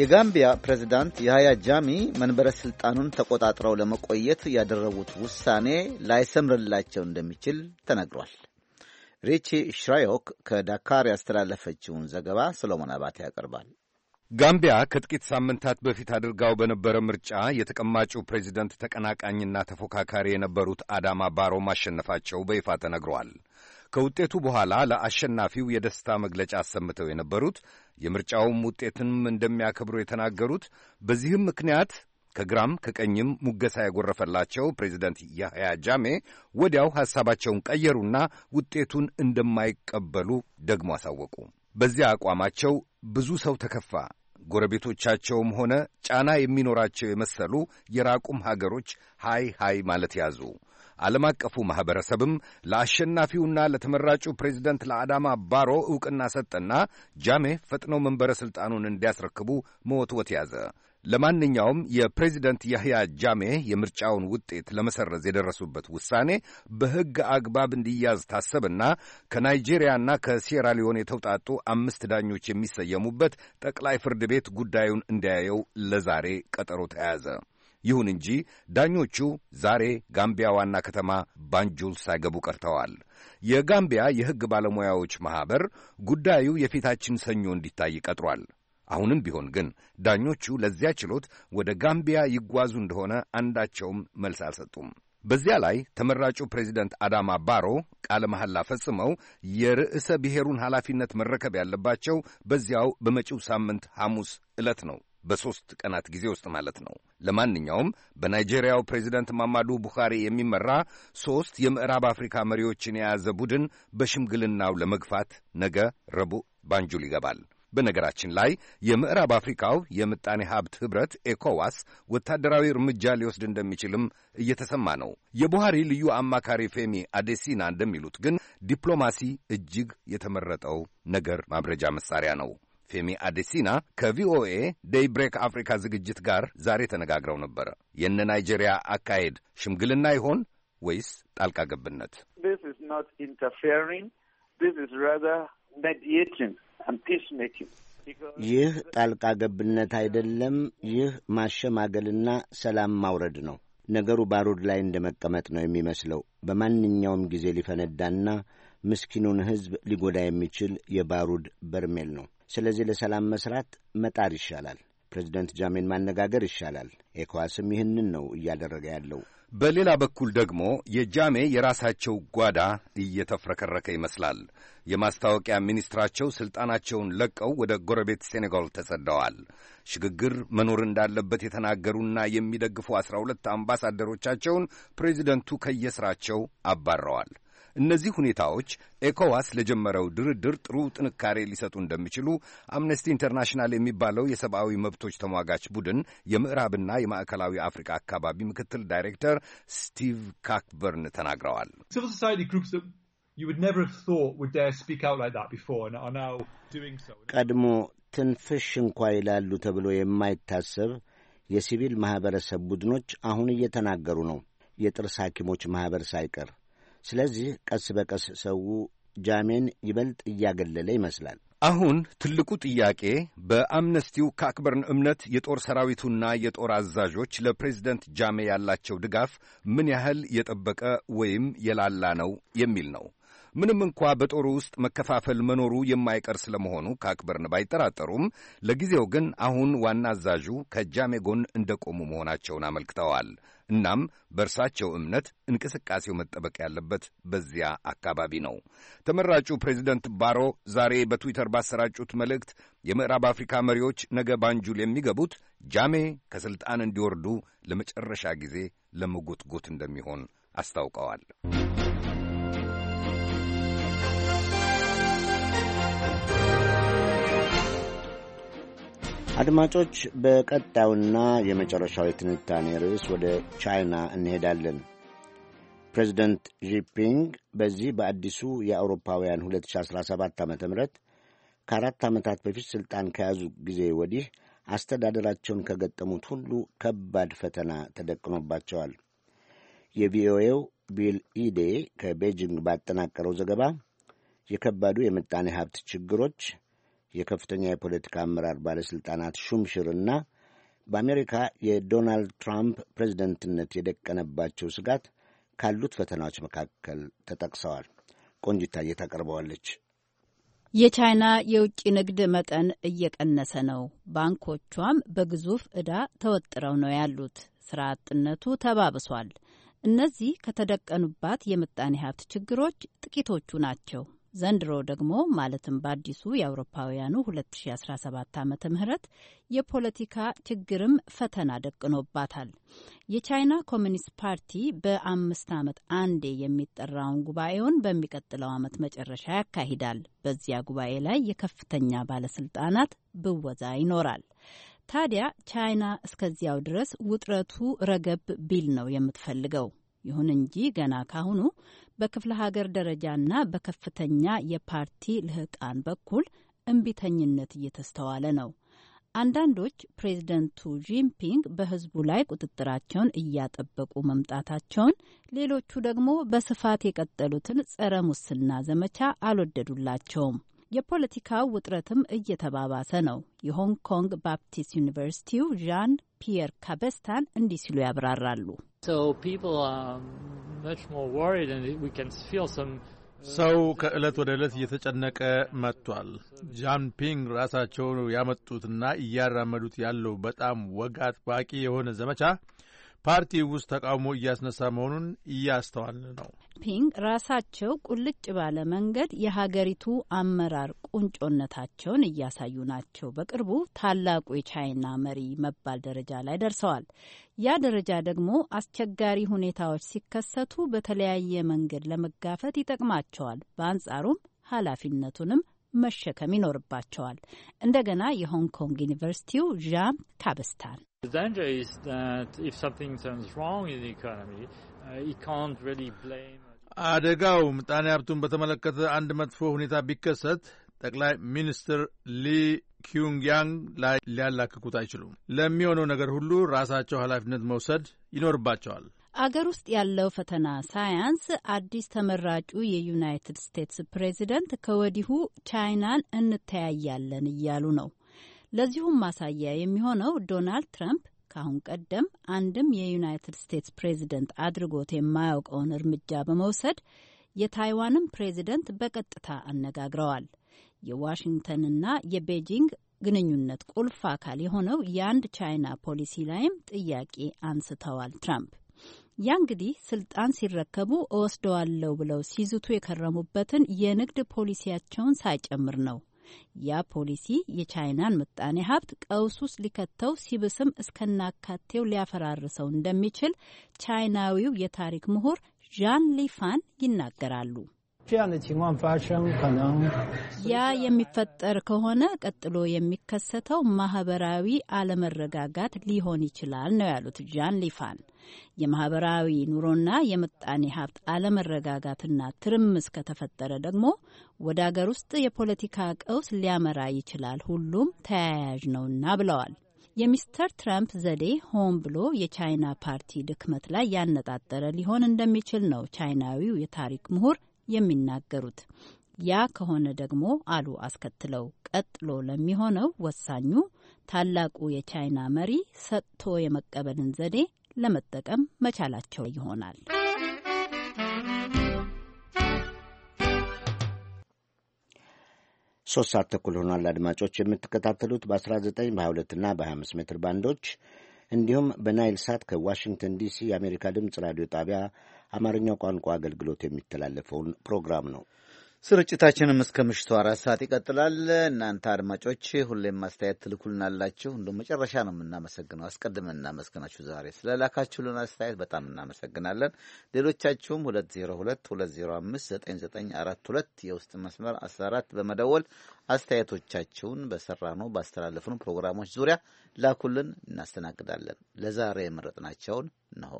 የጋምቢያ ፕሬዚዳንት የሀያ ጃሚ መንበረ ሥልጣኑን ተቆጣጥረው ለመቆየት ያደረጉት ውሳኔ ላይሰምርላቸው እንደሚችል ተነግሯል። ሪቺ ሽራዮክ ከዳካር ያስተላለፈችውን ዘገባ ሰሎሞን አባቴ ያቀርባል። ጋምቢያ ከጥቂት ሳምንታት በፊት አድርጋው በነበረ ምርጫ የተቀማጩ ፕሬዚደንት ተቀናቃኝና ተፎካካሪ የነበሩት አዳማ ባሮ ማሸነፋቸው በይፋ ተነግሯል። ከውጤቱ በኋላ ለአሸናፊው የደስታ መግለጫ አሰምተው የነበሩት የምርጫውም ውጤትንም እንደሚያከብሩ የተናገሩት በዚህም ምክንያት ከግራም ከቀኝም ሙገሳ የጎረፈላቸው ፕሬዚደንት ያህያ ጃሜ ወዲያው ሐሳባቸውን ቀየሩና ውጤቱን እንደማይቀበሉ ደግሞ አሳወቁ። በዚያ አቋማቸው ብዙ ሰው ተከፋ። ጎረቤቶቻቸውም ሆነ ጫና የሚኖራቸው የመሰሉ የራቁም ሀገሮች ሃይ ሃይ ማለት ያዙ። ዓለም አቀፉ ማኅበረሰብም ለአሸናፊውና ለተመራጩ ፕሬዚደንት ለአዳማ ባሮ ዕውቅና ሰጠና ጃሜ ፈጥነው መንበረ ሥልጣኑን እንዲያስረክቡ መወትወት ያዘ። ለማንኛውም የፕሬዚደንት ያህያ ጃሜ የምርጫውን ውጤት ለመሰረዝ የደረሱበት ውሳኔ በሕግ አግባብ እንዲያዝ ታሰብና ከናይጄሪያና ሊዮን የተውጣጡ አምስት ዳኞች የሚሰየሙበት ጠቅላይ ፍርድ ቤት ጉዳዩን እንዲያየው ለዛሬ ቀጠሮ ተያዘ። ይሁን እንጂ ዳኞቹ ዛሬ ጋምቢያ ዋና ከተማ ባንጁል ሳይገቡ ቀርተዋል። የጋምቢያ የሕግ ባለሙያዎች ማኅበር ጉዳዩ የፊታችን ሰኞ እንዲታይ ቀጥሯል። አሁንም ቢሆን ግን ዳኞቹ ለዚያ ችሎት ወደ ጋምቢያ ይጓዙ እንደሆነ አንዳቸውም መልስ አልሰጡም። በዚያ ላይ ተመራጩ ፕሬዚደንት አዳማ ባሮ ቃለ መሐላ ፈጽመው የርዕሰ ብሔሩን ኃላፊነት መረከብ ያለባቸው በዚያው በመጪው ሳምንት ሐሙስ ዕለት ነው። በሦስት ቀናት ጊዜ ውስጥ ማለት ነው። ለማንኛውም በናይጄሪያው ፕሬዚደንት ማማዱ ቡኻሪ የሚመራ ሦስት የምዕራብ አፍሪካ መሪዎችን የያዘ ቡድን በሽምግልናው ለመግፋት ነገ ረቡዕ ባንጁል ይገባል። በነገራችን ላይ የምዕራብ አፍሪካው የምጣኔ ሀብት ኅብረት ኤኮዋስ ወታደራዊ እርምጃ ሊወስድ እንደሚችልም እየተሰማ ነው። የቡሃሪ ልዩ አማካሪ ፌሚ አዴሲና እንደሚሉት ግን ዲፕሎማሲ እጅግ የተመረጠው ነገር ማብረጃ መሳሪያ ነው። ፌሚ አዴሲና ከቪኦኤ ዴይ ብሬክ አፍሪካ ዝግጅት ጋር ዛሬ ተነጋግረው ነበረ። የነ ናይጄሪያ አካሄድ ሽምግልና ይሆን ወይስ ጣልቃ ገብነት? ይህ ጣልቃ ገብነት አይደለም። ይህ ማሸማገልና ሰላም ማውረድ ነው። ነገሩ ባሩድ ላይ እንደ መቀመጥ ነው የሚመስለው። በማንኛውም ጊዜ ሊፈነዳና ምስኪኑን ሕዝብ ሊጎዳ የሚችል የባሩድ በርሜል ነው። ስለዚህ ለሰላም መስራት መጣር ይሻላል። ፕሬዚደንት ጃሜን ማነጋገር ይሻላል። ኤኳስም ይህንን ነው እያደረገ ያለው። በሌላ በኩል ደግሞ የጃሜ የራሳቸው ጓዳ እየተፍረከረከ ይመስላል። የማስታወቂያ ሚኒስትራቸው ሥልጣናቸውን ለቀው ወደ ጎረቤት ሴኔጋል ተሰደዋል። ሽግግር መኖር እንዳለበት የተናገሩና የሚደግፉ አስራ ሁለት አምባሳደሮቻቸውን ፕሬዚደንቱ ከየሥራቸው አባረዋል። እነዚህ ሁኔታዎች ኤኮዋስ ለጀመረው ድርድር ጥሩ ጥንካሬ ሊሰጡ እንደሚችሉ አምነስቲ ኢንተርናሽናል የሚባለው የሰብአዊ መብቶች ተሟጋች ቡድን የምዕራብና የማዕከላዊ አፍሪካ አካባቢ ምክትል ዳይሬክተር ስቲቭ ካክበርን ተናግረዋል። ቀድሞ ትንፍሽ እንኳ ይላሉ ተብሎ የማይታሰብ የሲቪል ማኅበረሰብ ቡድኖች አሁን እየተናገሩ ነው። የጥርስ ሐኪሞች ማኅበር ሳይቀር ስለዚህ ቀስ በቀስ ሰው ጃሜን ይበልጥ እያገለለ ይመስላል። አሁን ትልቁ ጥያቄ በአምነስቲው ከአክበርን እምነት የጦር ሰራዊቱና የጦር አዛዦች ለፕሬዚደንት ጃሜ ያላቸው ድጋፍ ምን ያህል የጠበቀ ወይም የላላ ነው የሚል ነው። ምንም እንኳ በጦሩ ውስጥ መከፋፈል መኖሩ የማይቀር ስለመሆኑ ከአክበርን ባይጠራጠሩም ለጊዜው ግን አሁን ዋና አዛዡ ከጃሜ ጎን እንደቆሙ መሆናቸውን አመልክተዋል። እናም በእርሳቸው እምነት እንቅስቃሴው መጠበቅ ያለበት በዚያ አካባቢ ነው። ተመራጩ ፕሬዚደንት ባሮ ዛሬ በትዊተር ባሰራጩት መልእክት የምዕራብ አፍሪካ መሪዎች ነገ ባንጁል የሚገቡት ጃሜ ከሥልጣን እንዲወርዱ ለመጨረሻ ጊዜ ለመጎትጎት እንደሚሆን አስታውቀዋል። አድማጮች፣ በቀጣዩና የመጨረሻው የትንታኔ ርዕስ ወደ ቻይና እንሄዳለን። ፕሬዚደንት ዢፒንግ በዚህ በአዲሱ የአውሮፓውያን 2017 ዓ ም ከአራት ዓመታት በፊት ሥልጣን ከያዙ ጊዜ ወዲህ አስተዳደራቸውን ከገጠሙት ሁሉ ከባድ ፈተና ተደቅኖባቸዋል። የቪኦኤው ቢል ኢዴ ከቤጂንግ ባጠናቀረው ዘገባ የከባዱ የምጣኔ ሀብት ችግሮች የከፍተኛ የፖለቲካ አመራር ባለሥልጣናት ሹምሽርና በአሜሪካ የዶናልድ ትራምፕ ፕሬዝደንትነት የደቀነባቸው ስጋት ካሉት ፈተናዎች መካከል ተጠቅሰዋል። ቆንጅታዬ ታቀርበዋለች። የቻይና የውጭ ንግድ መጠን እየቀነሰ ነው። ባንኮቿም በግዙፍ ዕዳ ተወጥረው ነው ያሉት። ስራ አጥነቱ ተባብሷል። እነዚህ ከተደቀኑባት የምጣኔ ሀብት ችግሮች ጥቂቶቹ ናቸው። ዘንድሮ ደግሞ ማለትም በአዲሱ የአውሮፓውያኑ 2017 ዓ ም የፖለቲካ ችግርም ፈተና ደቅኖባታል። የቻይና ኮሚኒስት ፓርቲ በአምስት ዓመት አንዴ የሚጠራውን ጉባኤውን በሚቀጥለው ዓመት መጨረሻ ያካሂዳል። በዚያ ጉባኤ ላይ የከፍተኛ ባለስልጣናት ብወዛ ይኖራል። ታዲያ ቻይና እስከዚያው ድረስ ውጥረቱ ረገብ ቢል ነው የምትፈልገው። ይሁን እንጂ ገና ካሁኑ በክፍለ ሀገር ደረጃና በከፍተኛ የፓርቲ ልህቃን በኩል እምቢተኝነት እየተስተዋለ ነው። አንዳንዶች ፕሬዝደንቱ ጂንፒንግ በህዝቡ ላይ ቁጥጥራቸውን እያጠበቁ መምጣታቸውን፣ ሌሎቹ ደግሞ በስፋት የቀጠሉትን ጸረ ሙስና ዘመቻ አልወደዱላቸውም። የፖለቲካው ውጥረትም እየተባባሰ ነው። የሆንግ ኮንግ ባፕቲስት ዩኒቨርሲቲው ዣን ፒየር ካበስታን እንዲህ ሲሉ ያብራራሉ። ሰው ከዕለት ወደ ዕለት እየተጨነቀ መጥቷል። ጃንፒንግ ራሳቸው ያመጡትና እያራመዱት ያለው በጣም ወግ አጥባቂ የሆነ ዘመቻ ፓርቲ ውስጥ ተቃውሞ እያስነሳ መሆኑን እያስተዋል ነው። ፒንግ ራሳቸው ቁልጭ ባለ መንገድ የሀገሪቱ አመራር ቁንጮነታቸውን እያሳዩ ናቸው። በቅርቡ ታላቁ የቻይና መሪ መባል ደረጃ ላይ ደርሰዋል። ያ ደረጃ ደግሞ አስቸጋሪ ሁኔታዎች ሲከሰቱ በተለያየ መንገድ ለመጋፈት ይጠቅማቸዋል። በአንጻሩም ኃላፊነቱንም መሸከም ይኖርባቸዋል። እንደገና የሆንግ ኮንግ ዩኒቨርሲቲው ዣም ካብስታን አደጋው ምጣኔ ሀብቱን በተመለከተ አንድ መጥፎ ሁኔታ ቢከሰት ጠቅላይ ሚኒስትር ሊ ኪዩንግያንግ ላይ ሊያላክኩት አይችሉም። ለሚሆነው ነገር ሁሉ ራሳቸው ኃላፊነት መውሰድ ይኖርባቸዋል። አገር ውስጥ ያለው ፈተና ሳያንስ አዲስ ተመራጩ የዩናይትድ ስቴትስ ፕሬዚደንት ከወዲሁ ቻይናን እንተያያለን እያሉ ነው። ለዚሁም ማሳያ የሚሆነው ዶናልድ ትራምፕ ከአሁን ቀደም አንድም የዩናይትድ ስቴትስ ፕሬዚደንት አድርጎት የማያውቀውን እርምጃ በመውሰድ የታይዋንም ፕሬዚደንት በቀጥታ አነጋግረዋል። የዋሽንግተንና የቤጂንግ ግንኙነት ቁልፍ አካል የሆነው የአንድ ቻይና ፖሊሲ ላይም ጥያቄ አንስተዋል። ትራምፕ ያ እንግዲህ ስልጣን ሲረከቡ እወስደዋለሁ ብለው ሲዝቱ የከረሙበትን የንግድ ፖሊሲያቸውን ሳይጨምር ነው ያ ፖሊሲ የቻይናን ምጣኔ ሀብት ቀውስ ውስጥ ሊከተው ሲብስም እስከናካቴው ሊያፈራርሰው እንደሚችል ቻይናዊው የታሪክ ምሁር ዣን ሊፋን ይናገራሉ። ያ የሚፈጠር ከሆነ ቀጥሎ የሚከሰተው ማህበራዊ አለመረጋጋት ሊሆን ይችላል ነው ያሉት ጃን ሊፋን። የማህበራዊ ኑሮና የምጣኔ ሀብት አለመረጋጋትና ትርምስ ከተፈጠረ ደግሞ ወደ አገር ውስጥ የፖለቲካ ቀውስ ሊያመራ ይችላል። ሁሉም ተያያዥ ነውና ብለዋል። የሚስተር ትራምፕ ዘዴ ሆን ብሎ የቻይና ፓርቲ ድክመት ላይ ያነጣጠረ ሊሆን እንደሚችል ነው ቻይናዊው የታሪክ ምሁር የሚናገሩት። ያ ከሆነ ደግሞ አሉ አስከትለው፣ ቀጥሎ ለሚሆነው ወሳኙ ታላቁ የቻይና መሪ ሰጥቶ የመቀበልን ዘዴ ለመጠቀም መቻላቸው ይሆናል። ሶስት ሰዓት ተኩል ሆኗል። አድማጮች የምትከታተሉት በ19 በ22 እና በ25 ሜትር ባንዶች እንዲሁም በናይል ሳት ከዋሽንግተን ዲሲ የአሜሪካ ድምፅ ራዲዮ ጣቢያ አማርኛ ቋንቋ አገልግሎት የሚተላለፈውን ፕሮግራም ነው። ስርጭታችንም እስከ ምሽቱ አራት ሰዓት ይቀጥላል። እናንተ አድማጮች ሁሌም ማስተያየት ትልኩልናላችሁ። እንደ መጨረሻ ነው የምናመሰግነው። አስቀድመን እናመስግናችሁ። ዛሬ ስለላካችሁልን አስተያየት በጣም እናመሰግናለን። ሌሎቻችሁም 202 205 9942 የውስጥ መስመር 14 በመደወል አስተያየቶቻችሁን በሰራ ነው ባስተላለፍነው ፕሮግራሞች ዙሪያ ላኩልን፣ እናስተናግዳለን። ለዛሬ የመረጥናቸውን እንሆ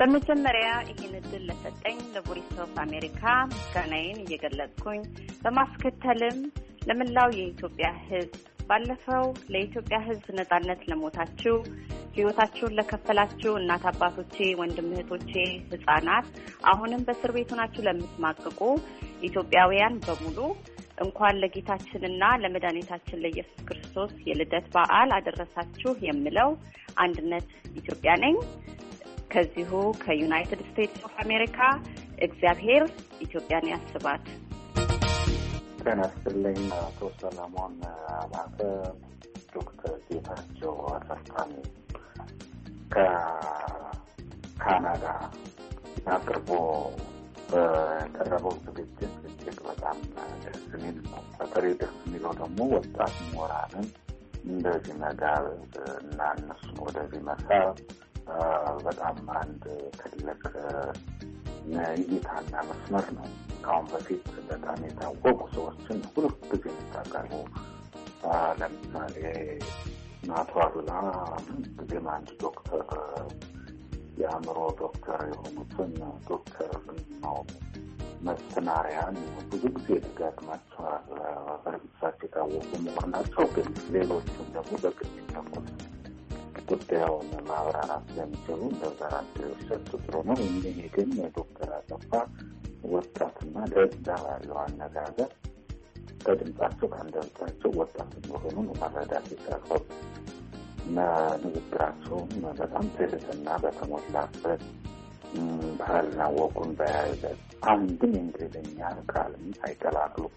በመጀመሪያ ይህን እድል ለሰጠኝ ለቮይስ ኦፍ አሜሪካ ምስጋናዬን እየገለጽኩኝ በማስከተልም ለመላው የኢትዮጵያ ሕዝብ ባለፈው ለኢትዮጵያ ሕዝብ ነጻነት ለሞታችሁ ህይወታችሁን ለከፈላችሁ እናት አባቶቼ፣ ወንድም እህቶቼ፣ ህጻናት አሁንም በእስር ቤት ናችሁ ለምትማቅቁ ኢትዮጵያውያን በሙሉ እንኳን ለጌታችንና ለመድኃኒታችን ለኢየሱስ ክርስቶስ የልደት በዓል አደረሳችሁ የምለው አንድነት ኢትዮጵያ ነኝ። ከዚሁ ከዩናይትድ ስቴትስ ኦፍ አሜሪካ እግዚአብሔር ኢትዮጵያን ያስባት። ጤና ይስጥልኝ አቶ ሰለሞን አባተ፣ ዶክተር ጌታቸው አሰፋን ከካናዳ አቅርቦ በቀረበው ዝግጅት እጅግ በጣም ደስ የሚል ነው። በተለይ ደስ የሚለው ደግሞ ወጣት ምሁራንን እንደዚህ መጋበዝ እና እነሱን ወደዚህ መሳብ በጣም አንድ ትልቅ እይታና መስመር ነው። ከአሁን በፊት በጣም የታወቁ ሰዎችን ሁሉ ጊዜ የሚታቀርቡ ለምሳሌ አቶ አሉላ ጊዜም አንድ ዶክተር የአእምሮ ዶክተር የሆኑትን ዶክተር ነው መስናሪያን ብዙ ጊዜ ደጋግማቸዋል። በእርግሳቸው የታወቁ ምሁር ናቸው። ግን ሌሎቹም ደግሞ በግድ ይጠቁት ጉዳዩን ማብራራት ለሚችሉ በዘራት ሰጡ ጥሩ ነው። ይህ ግን የዶክተር አሰፋ ወጣትና ለዛ ያለው አነጋገር ከድምጻቸው ከአንደበታቸው ወጣት መሆኑን መረዳት ይቻላል ንግግራቸውም በጣም ትህትና በተሞላበት ባህልና ወጉን በያዘ አንድም እንግሊዝኛ ቃልም አይቀላቅሉም።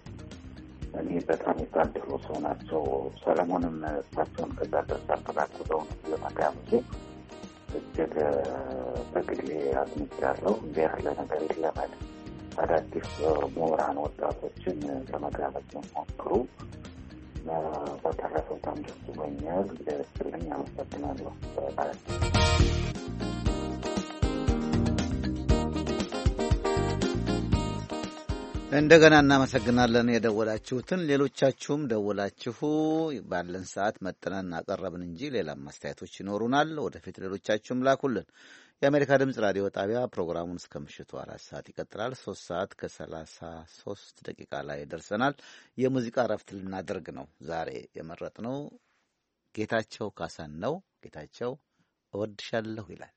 እኔ በጣም የታደሉ ሰው ናቸው። ሰለሞንም እሳቸውን ከዛ ድረስ አስተካክለው ለመጋምዜ እጅግ በግሌ አግኝቻለሁ። እንዲህ ያለ ነገር ይለመድ። አዳዲስ ምሁራን ወጣቶችን ለመጋበዝ መሞክሩ። በተረፈ በጣም ደስ ይለኛል። ስልኝ አመሰግናለሁ። እንደገና እናመሰግናለን የደወላችሁትን። ሌሎቻችሁም ደወላችሁ ባለን ሰዓት መጠነን እናቀረብን እንጂ ሌላም አስተያየቶች ይኖሩናል። ወደፊት ሌሎቻችሁም ላኩልን። የአሜሪካ ድምፅ ራዲዮ ጣቢያ ፕሮግራሙን እስከ ምሽቱ አራት ሰዓት ይቀጥላል። ሶስት ሰዓት ከሰላሳ ሶስት ደቂቃ ላይ ደርሰናል። የሙዚቃ እረፍት ልናደርግ ነው። ዛሬ የመረጥነው ጌታቸው ካሳን ነው። ጌታቸው እወድሻለሁ ይላል።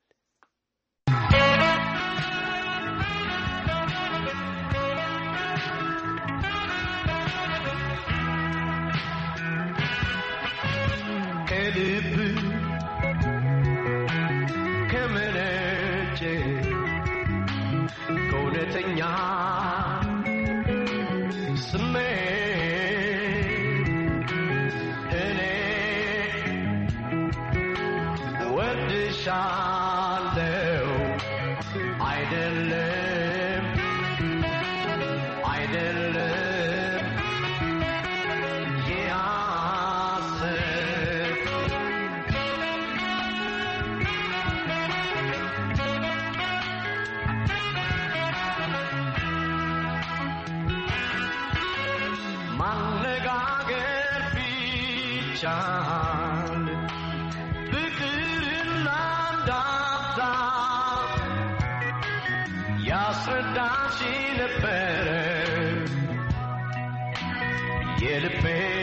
जा எடுப்பேன்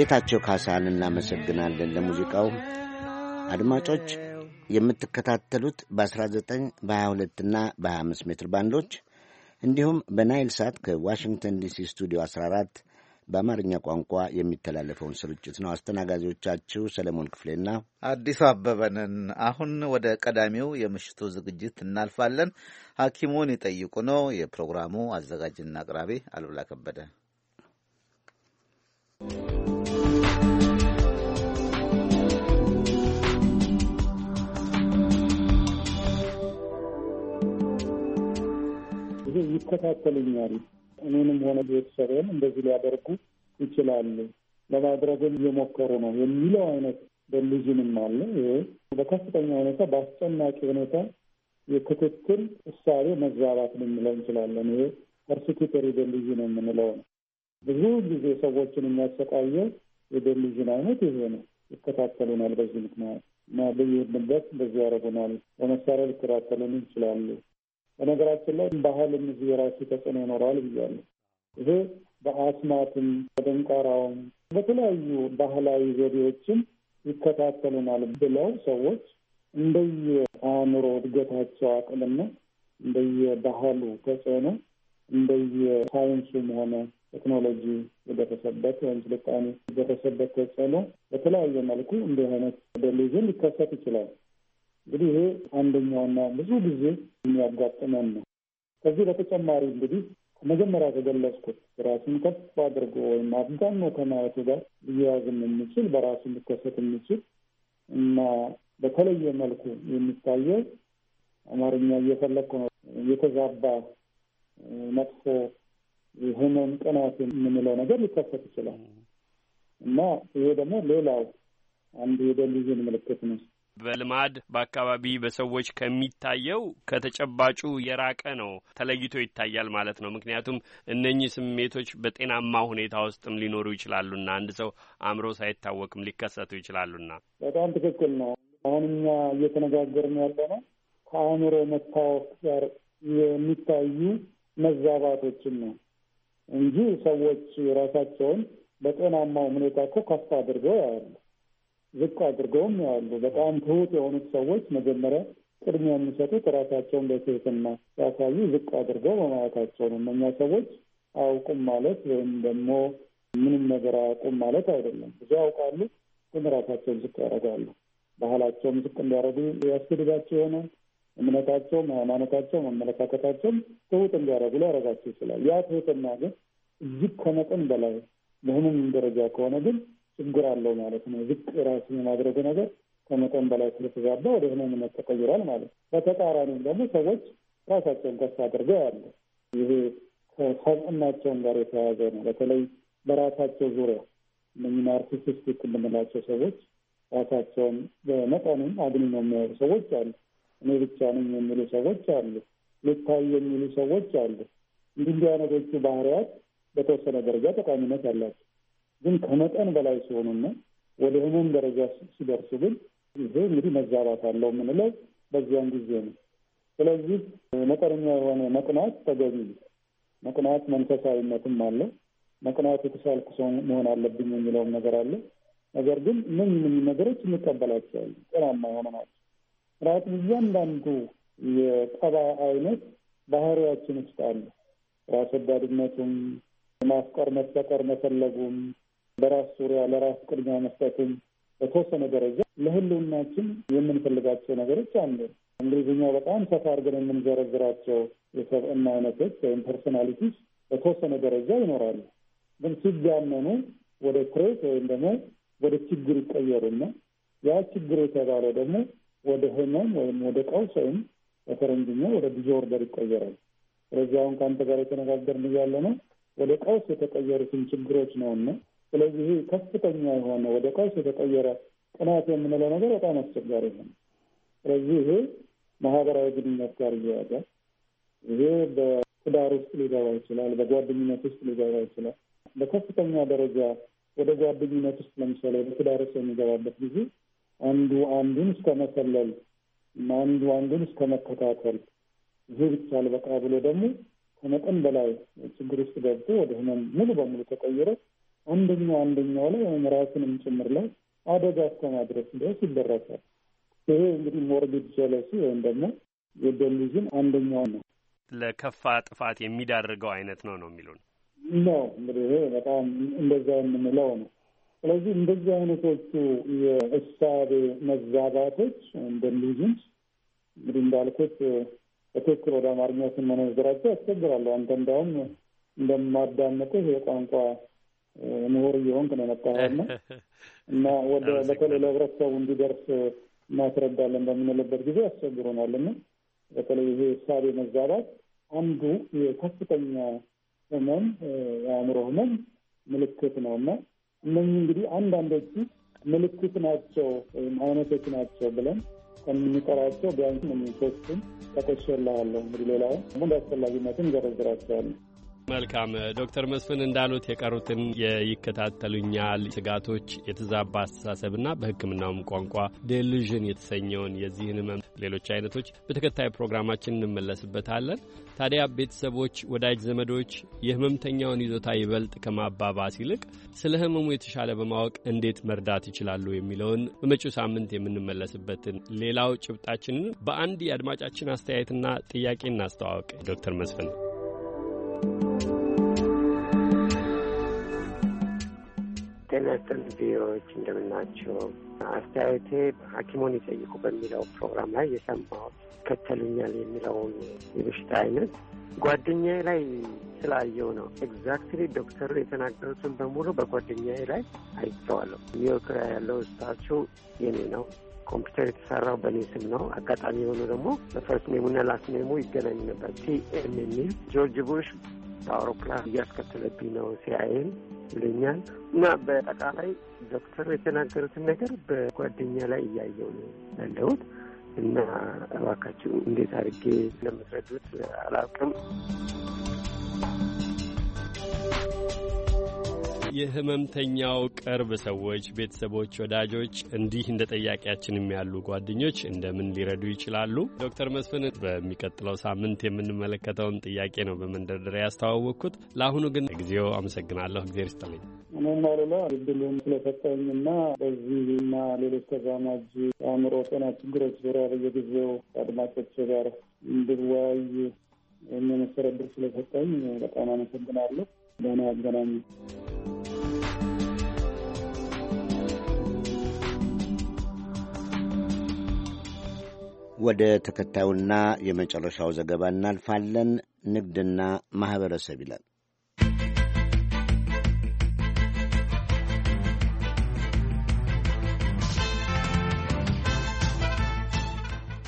ጌታቸው ካሳን እናመሰግናለን ለሙዚቃው። አድማጮች የምትከታተሉት በ19 በ22 እና በ25 ሜትር ባንዶች እንዲሁም በናይል ሳት ከዋሽንግተን ዲሲ ስቱዲዮ 14 በአማርኛ ቋንቋ የሚተላለፈውን ስርጭት ነው። አስተናጋጆቻችሁ ሰለሞን ክፍሌና አዲሱ አበበንን። አሁን ወደ ቀዳሚው የምሽቱ ዝግጅት እናልፋለን። ሐኪሙን ይጠይቁ ነው። የፕሮግራሙ አዘጋጅና አቅራቢ አሉላ ከበደ። ይከታተሉኛል እኔንም ሆነ ቤተሰብን እንደዚህ ሊያደርጉ ይችላሉ፣ ለማድረግም እየሞከሩ ነው የሚለው አይነት ደልዥንም አለ። ይሄ በከፍተኛ ሁኔታ በአስጨናቂ ሁኔታ የክትትል እሳቤ መዛባት ልንለው እንችላለን። ይሄ ፐርሲኪተሪ ደልዥን የምንለው ነው። ብዙ ጊዜ ሰዎችን የሚያሰቃየው የደልዥን አይነት ይሄ ነው። ይከታተሉናል፣ በዚህ ምክንያት እና በየሄድንበት እንደዚህ ያደረጉናል። በመሳሪያ ሊከታተሉን ይችላሉ በነገራችን ላይ ባህል እዚህ የራሱ ተጽዕኖ ይኖረዋል ብያለሁ። ይሄ በአስማትም በደንቋራውም በተለያዩ ባህላዊ ዘዴዎችም ይከታተሉናል ብለው ሰዎች እንደየ አእምሮ እድገታቸው አቅልና እንደየ ባህሉ ተጽዕኖ እንደየ ሳይንሱም ሆነ ቴክኖሎጂ የደረሰበት ወይም ስልጣኔ የደረሰበት ተጽዕኖ በተለያየ መልኩ እንዲህ አይነት ደሊዝን ሊከሰት ይችላል። እንግዲህ ይሄ አንደኛውና ብዙ ጊዜ የሚያጋጥመን ነው። ከዚህ በተጨማሪ እንግዲህ ከመጀመሪያ ከገለጽኩት ራሱን ከፍ አድርጎ ወይም አብዛኖ ከማየቱ ጋር ሊያያዝም የሚችል በራሱ ሊከሰት የሚችል እና በተለየ መልኩ የሚታየው አማርኛ እየፈለግኩ ነው የተዛባ መጥፎ የሆነውን ቅናት የምንለው ነገር ሊከሰት ይችላል እና ይሄ ደግሞ ሌላው አንድ የደልዥን ምልክት ነው። በልማድ በአካባቢ በሰዎች ከሚታየው ከተጨባጩ የራቀ ነው፣ ተለይቶ ይታያል ማለት ነው። ምክንያቱም እነኚህ ስሜቶች በጤናማ ሁኔታ ውስጥም ሊኖሩ ይችላሉና አንድ ሰው አእምሮ ሳይታወቅም ሊከሰቱ ይችላሉና በጣም ትክክል ነው። አሁን እኛ እየተነጋገርን ያለ ነው ከአእምሮ መታወክ ጋር የሚታዩ መዛባቶችን ነው እንጂ ሰዎች ራሳቸውን በጤናማ ሁኔታ እኮ ከፍ አድርገው ያሉ ዝቅ አድርገውም ያሉ በጣም ትሁት የሆኑት ሰዎች መጀመሪያ ቅድሚያ የሚሰጡት ራሳቸውን በትህትና ያሳዩ ዝቅ አድርገው በማለታቸው ነው። እነኛ ሰዎች አያውቁም ማለት ወይም ደግሞ ምንም ነገር አያውቁም ማለት አይደለም። ብዙ ያውቃሉ፣ ግን ራሳቸውን ዝቅ ያደርጋሉ። ባህላቸውም ዝቅ እንዲያደርጉ ያስገድዳቸው ይሆናል። እምነታቸውም፣ ሃይማኖታቸውም፣ አመለካከታቸውም ትሁት እንዲያደርጉ ሊያደርጋቸው ይችላል። ያ ትሁትና ግን እጅግ ከመጠን በላይ በህመም ደረጃ ከሆነ ግን ችግር አለው ማለት ነው። ዝቅ ራሱ የማድረጉ ነገር ከመጠን በላይ ስለተዛባ ወደ ህመምነት ተቀይሯል ማለት ነው። በተቃራኒም ደግሞ ሰዎች ራሳቸውን ከፍ አድርገው ያለ ይሄ ከሰብእናቸውን ጋር የተያያዘ ነው። በተለይ በራሳቸው ዙሪያ እነዚህ ናርሲሲስቲክ የምንላቸው ሰዎች ራሳቸውን በመጠኑም አግኝነው የሚያዩ ሰዎች አሉ። እኔ ብቻ ነኝ የሚሉ ሰዎች አሉ። ልታይ የሚሉ ሰዎች አሉ። እንዲህ እንዲህ አይነቶቹ ባህሪያት በተወሰነ ደረጃ ጠቃሚነት አላቸው። ግን ከመጠን በላይ ሲሆኑና ወደ ህመም ደረጃ ሲደርሱ ግን ይሄ እንግዲህ መዛባት አለው የምንለው በዚያን ጊዜ ነው። ስለዚህ መጠነኛ የሆነ መቅናት ተገቢ መቅናት መንፈሳዊነትም አለ። መቅናት የተሻልኩ ሰው መሆን አለብኝ የሚለውም ነገር አለ። ነገር ግን ምን ምን ነገሮች እንቀበላቸዋለን ጤናማ የሆነ ናቸው። ምክንያቱም እያንዳንዱ የጠባይ አይነት ባህሪያችን ውስጥ አለ። ራስ ወዳድነቱም፣ ማፍቀር፣ መፈቀር መፈለጉም፣ በራስ ዙሪያ ለራስ ቅድሚያ መስጠትም በተወሰነ ደረጃ ለህልውናችን የምንፈልጋቸው ነገሮች አሉ። እንግሊዝኛው በጣም ሰፋ አድርገን የምንዘረዝራቸው የሰብእና አይነቶች ወይም ፐርሶናሊቲስ በተወሰነ ደረጃ ይኖራሉ። ግን ሲጋነኑ ወደ ትሬት ወይም ደግሞ ወደ ችግር ይቀየሩና ያ ችግር የተባለው ደግሞ ወደ ህመም ወይም ወደ ቀውስ ወይም በፈረንጅኛ ወደ ዲዞርደር ይቀየራል። ስለዚህ አሁን ከአንተ ጋር የተነጋገርን እያለ ነው ወደ ቀውስ የተቀየሩትን ችግሮች ነውና ስለዚህ ከፍተኛ የሆነ ወደ ቀውስ የተቀየረ ጥናት የምንለው ነገር በጣም አስቸጋሪ ነው። ስለዚህ ይሄ ማህበራዊ ግንኙነት ጋር እየያዘ ይሄ በትዳር ውስጥ ሊገባ ይችላል፣ በጓደኝነት ውስጥ ሊገባ ይችላል። በከፍተኛ ደረጃ ወደ ጓደኝነት ውስጥ ለምሳሌ ወደ ትዳር ውስጥ የሚገባበት ጊዜ አንዱ አንዱን እስከ መሰለል አንዱ አንዱን እስከ መከታተል ይሄ ብቻ አልበቃ ብሎ ደግሞ ከመጠን በላይ ችግር ውስጥ ገብቶ ወደ ህመም ሙሉ በሙሉ ተቀይሮ አንደኛው አንደኛው ላይ ወይም ራሱንም ጭምር ላይ አደጋ እስከ ማድረስ ድረስ ይደረሳል። ይሄ እንግዲህ ሞርቢድ ጀለሲ ወይም ደግሞ የደሉዥን አንደኛው ነው። ለከፋ ጥፋት የሚዳርገው አይነት ነው ነው የሚሉን ነው። እንግዲህ ይሄ በጣም እንደዛ የምንለው ነው። ስለዚህ እንደዚህ አይነቶቹ የእሳቤ መዛባቶች ወይም ደሉዥንስ እንግዲህ እንዳልኩት በትክክል ወደ አማርኛ ስንመነዝራቸው ያስቸግራለሁ። አንተ እንዳውም እንደማዳምጥህ የቋንቋ ምሁር እየሆንክ ነው የመጣኸውና እና ወደ በተለይ ለህብረተሰቡ እንዲደርስ እናስረዳለን በምንልበት ጊዜ ያስቸግሮናል እና በተለይ ይሄ እሳቤ መዛባት አንዱ የከፍተኛ ህመም የአእምሮ ህመም ምልክት ነው እና እነኚህ እንግዲህ አንዳንዶቹ ምልክት ናቸው ወይም አይነቶች ናቸው ብለን ከምንቀራቸው ቢያንስ ሶስቱን ጠቀሼልሃለሁ። እንግዲህ ሌላውን እንደ አስፈላጊነትን እንዘረዝራቸዋለን። መልካም ዶክተር መስፍን እንዳሉት የቀሩትን የይከታተሉኛል ስጋቶች፣ የተዛባ አስተሳሰብና በሕክምናውም ቋንቋ ዴሉዥን የተሰኘውን የዚህን ህመም ሌሎች አይነቶች በተከታይ ፕሮግራማችን እንመለስበታለን። ታዲያ ቤተሰቦች፣ ወዳጅ ዘመዶች የህመምተኛውን ይዞታ ይበልጥ ከማባባስ ይልቅ ስለ ህመሙ የተሻለ በማወቅ እንዴት መርዳት ይችላሉ የሚለውን በመጪው ሳምንት የምንመለስበትን ሌላው ጭብጣችንን በአንድ የአድማጫችን አስተያየትና ጥያቄ እናስተዋወቅ ዶክተር መስፍን ጤና ይስጥልኝ ቪኦኤዎች እንደምናቸው። አስተያየቴ ሐኪሙን ይጠይቁ በሚለው ፕሮግራም ላይ የሰማሁት ይከተሉኛል የሚለውን የበሽታ አይነት ጓደኛዬ ላይ ስላየው ነው። ኤግዛክትሊ ዶክተሩ የተናገሩትን በሙሉ በጓደኛዬ ላይ አይቼዋለሁ። ኒውዮርክ ያለው ስታቹ የኔ ነው። ኮምፒውተር የተሰራው በእኔ ስም ነው። አጋጣሚ የሆኑ ደግሞ በፈርስት ኔሙና ላስት ኔሙ ይገናኝ ነበር። ቲኤም የሚል ጆርጅ ቡሽ በአውሮፕላን እያስከተለብኝ ነው ሲያይን ይለኛል እና በጠቃላይ ዶክተር የተናገሩትን ነገር በጓደኛ ላይ እያየው ነው ያለሁት እና እባካችሁ እንዴት አድርጌ እንደምትረዱት አላውቅም። የህመምተኛው ቅርብ ሰዎች፣ ቤተሰቦች፣ ወዳጆች እንዲህ እንደ ጠያቂያችንም ያሉ ጓደኞች እንደምን ሊረዱ ይችላሉ? ዶክተር መስፍን በሚቀጥለው ሳምንት የምንመለከተውን ጥያቄ ነው በመንደርደሪያ ያስተዋወቅኩት። ለአሁኑ ግን ጊዜው አመሰግናለሁ። እግዜር ይስጥልኝ። እኔም አሉላ እድሉን ስለሰጠኝና በዚህና ሌሎች ተዛማጅ አእምሮ ጤና ችግሮች ዙሪያ በየጊዜው አድማጮች ጋር እንድዋይ የሚመሰረድር ስለሰጠኝ በጣም አመሰግናለሁ። ደህና ያገናኙ። ወደ ተከታዩና የመጨረሻው ዘገባ እናልፋለን። ንግድና ማኅበረሰብ ይላል።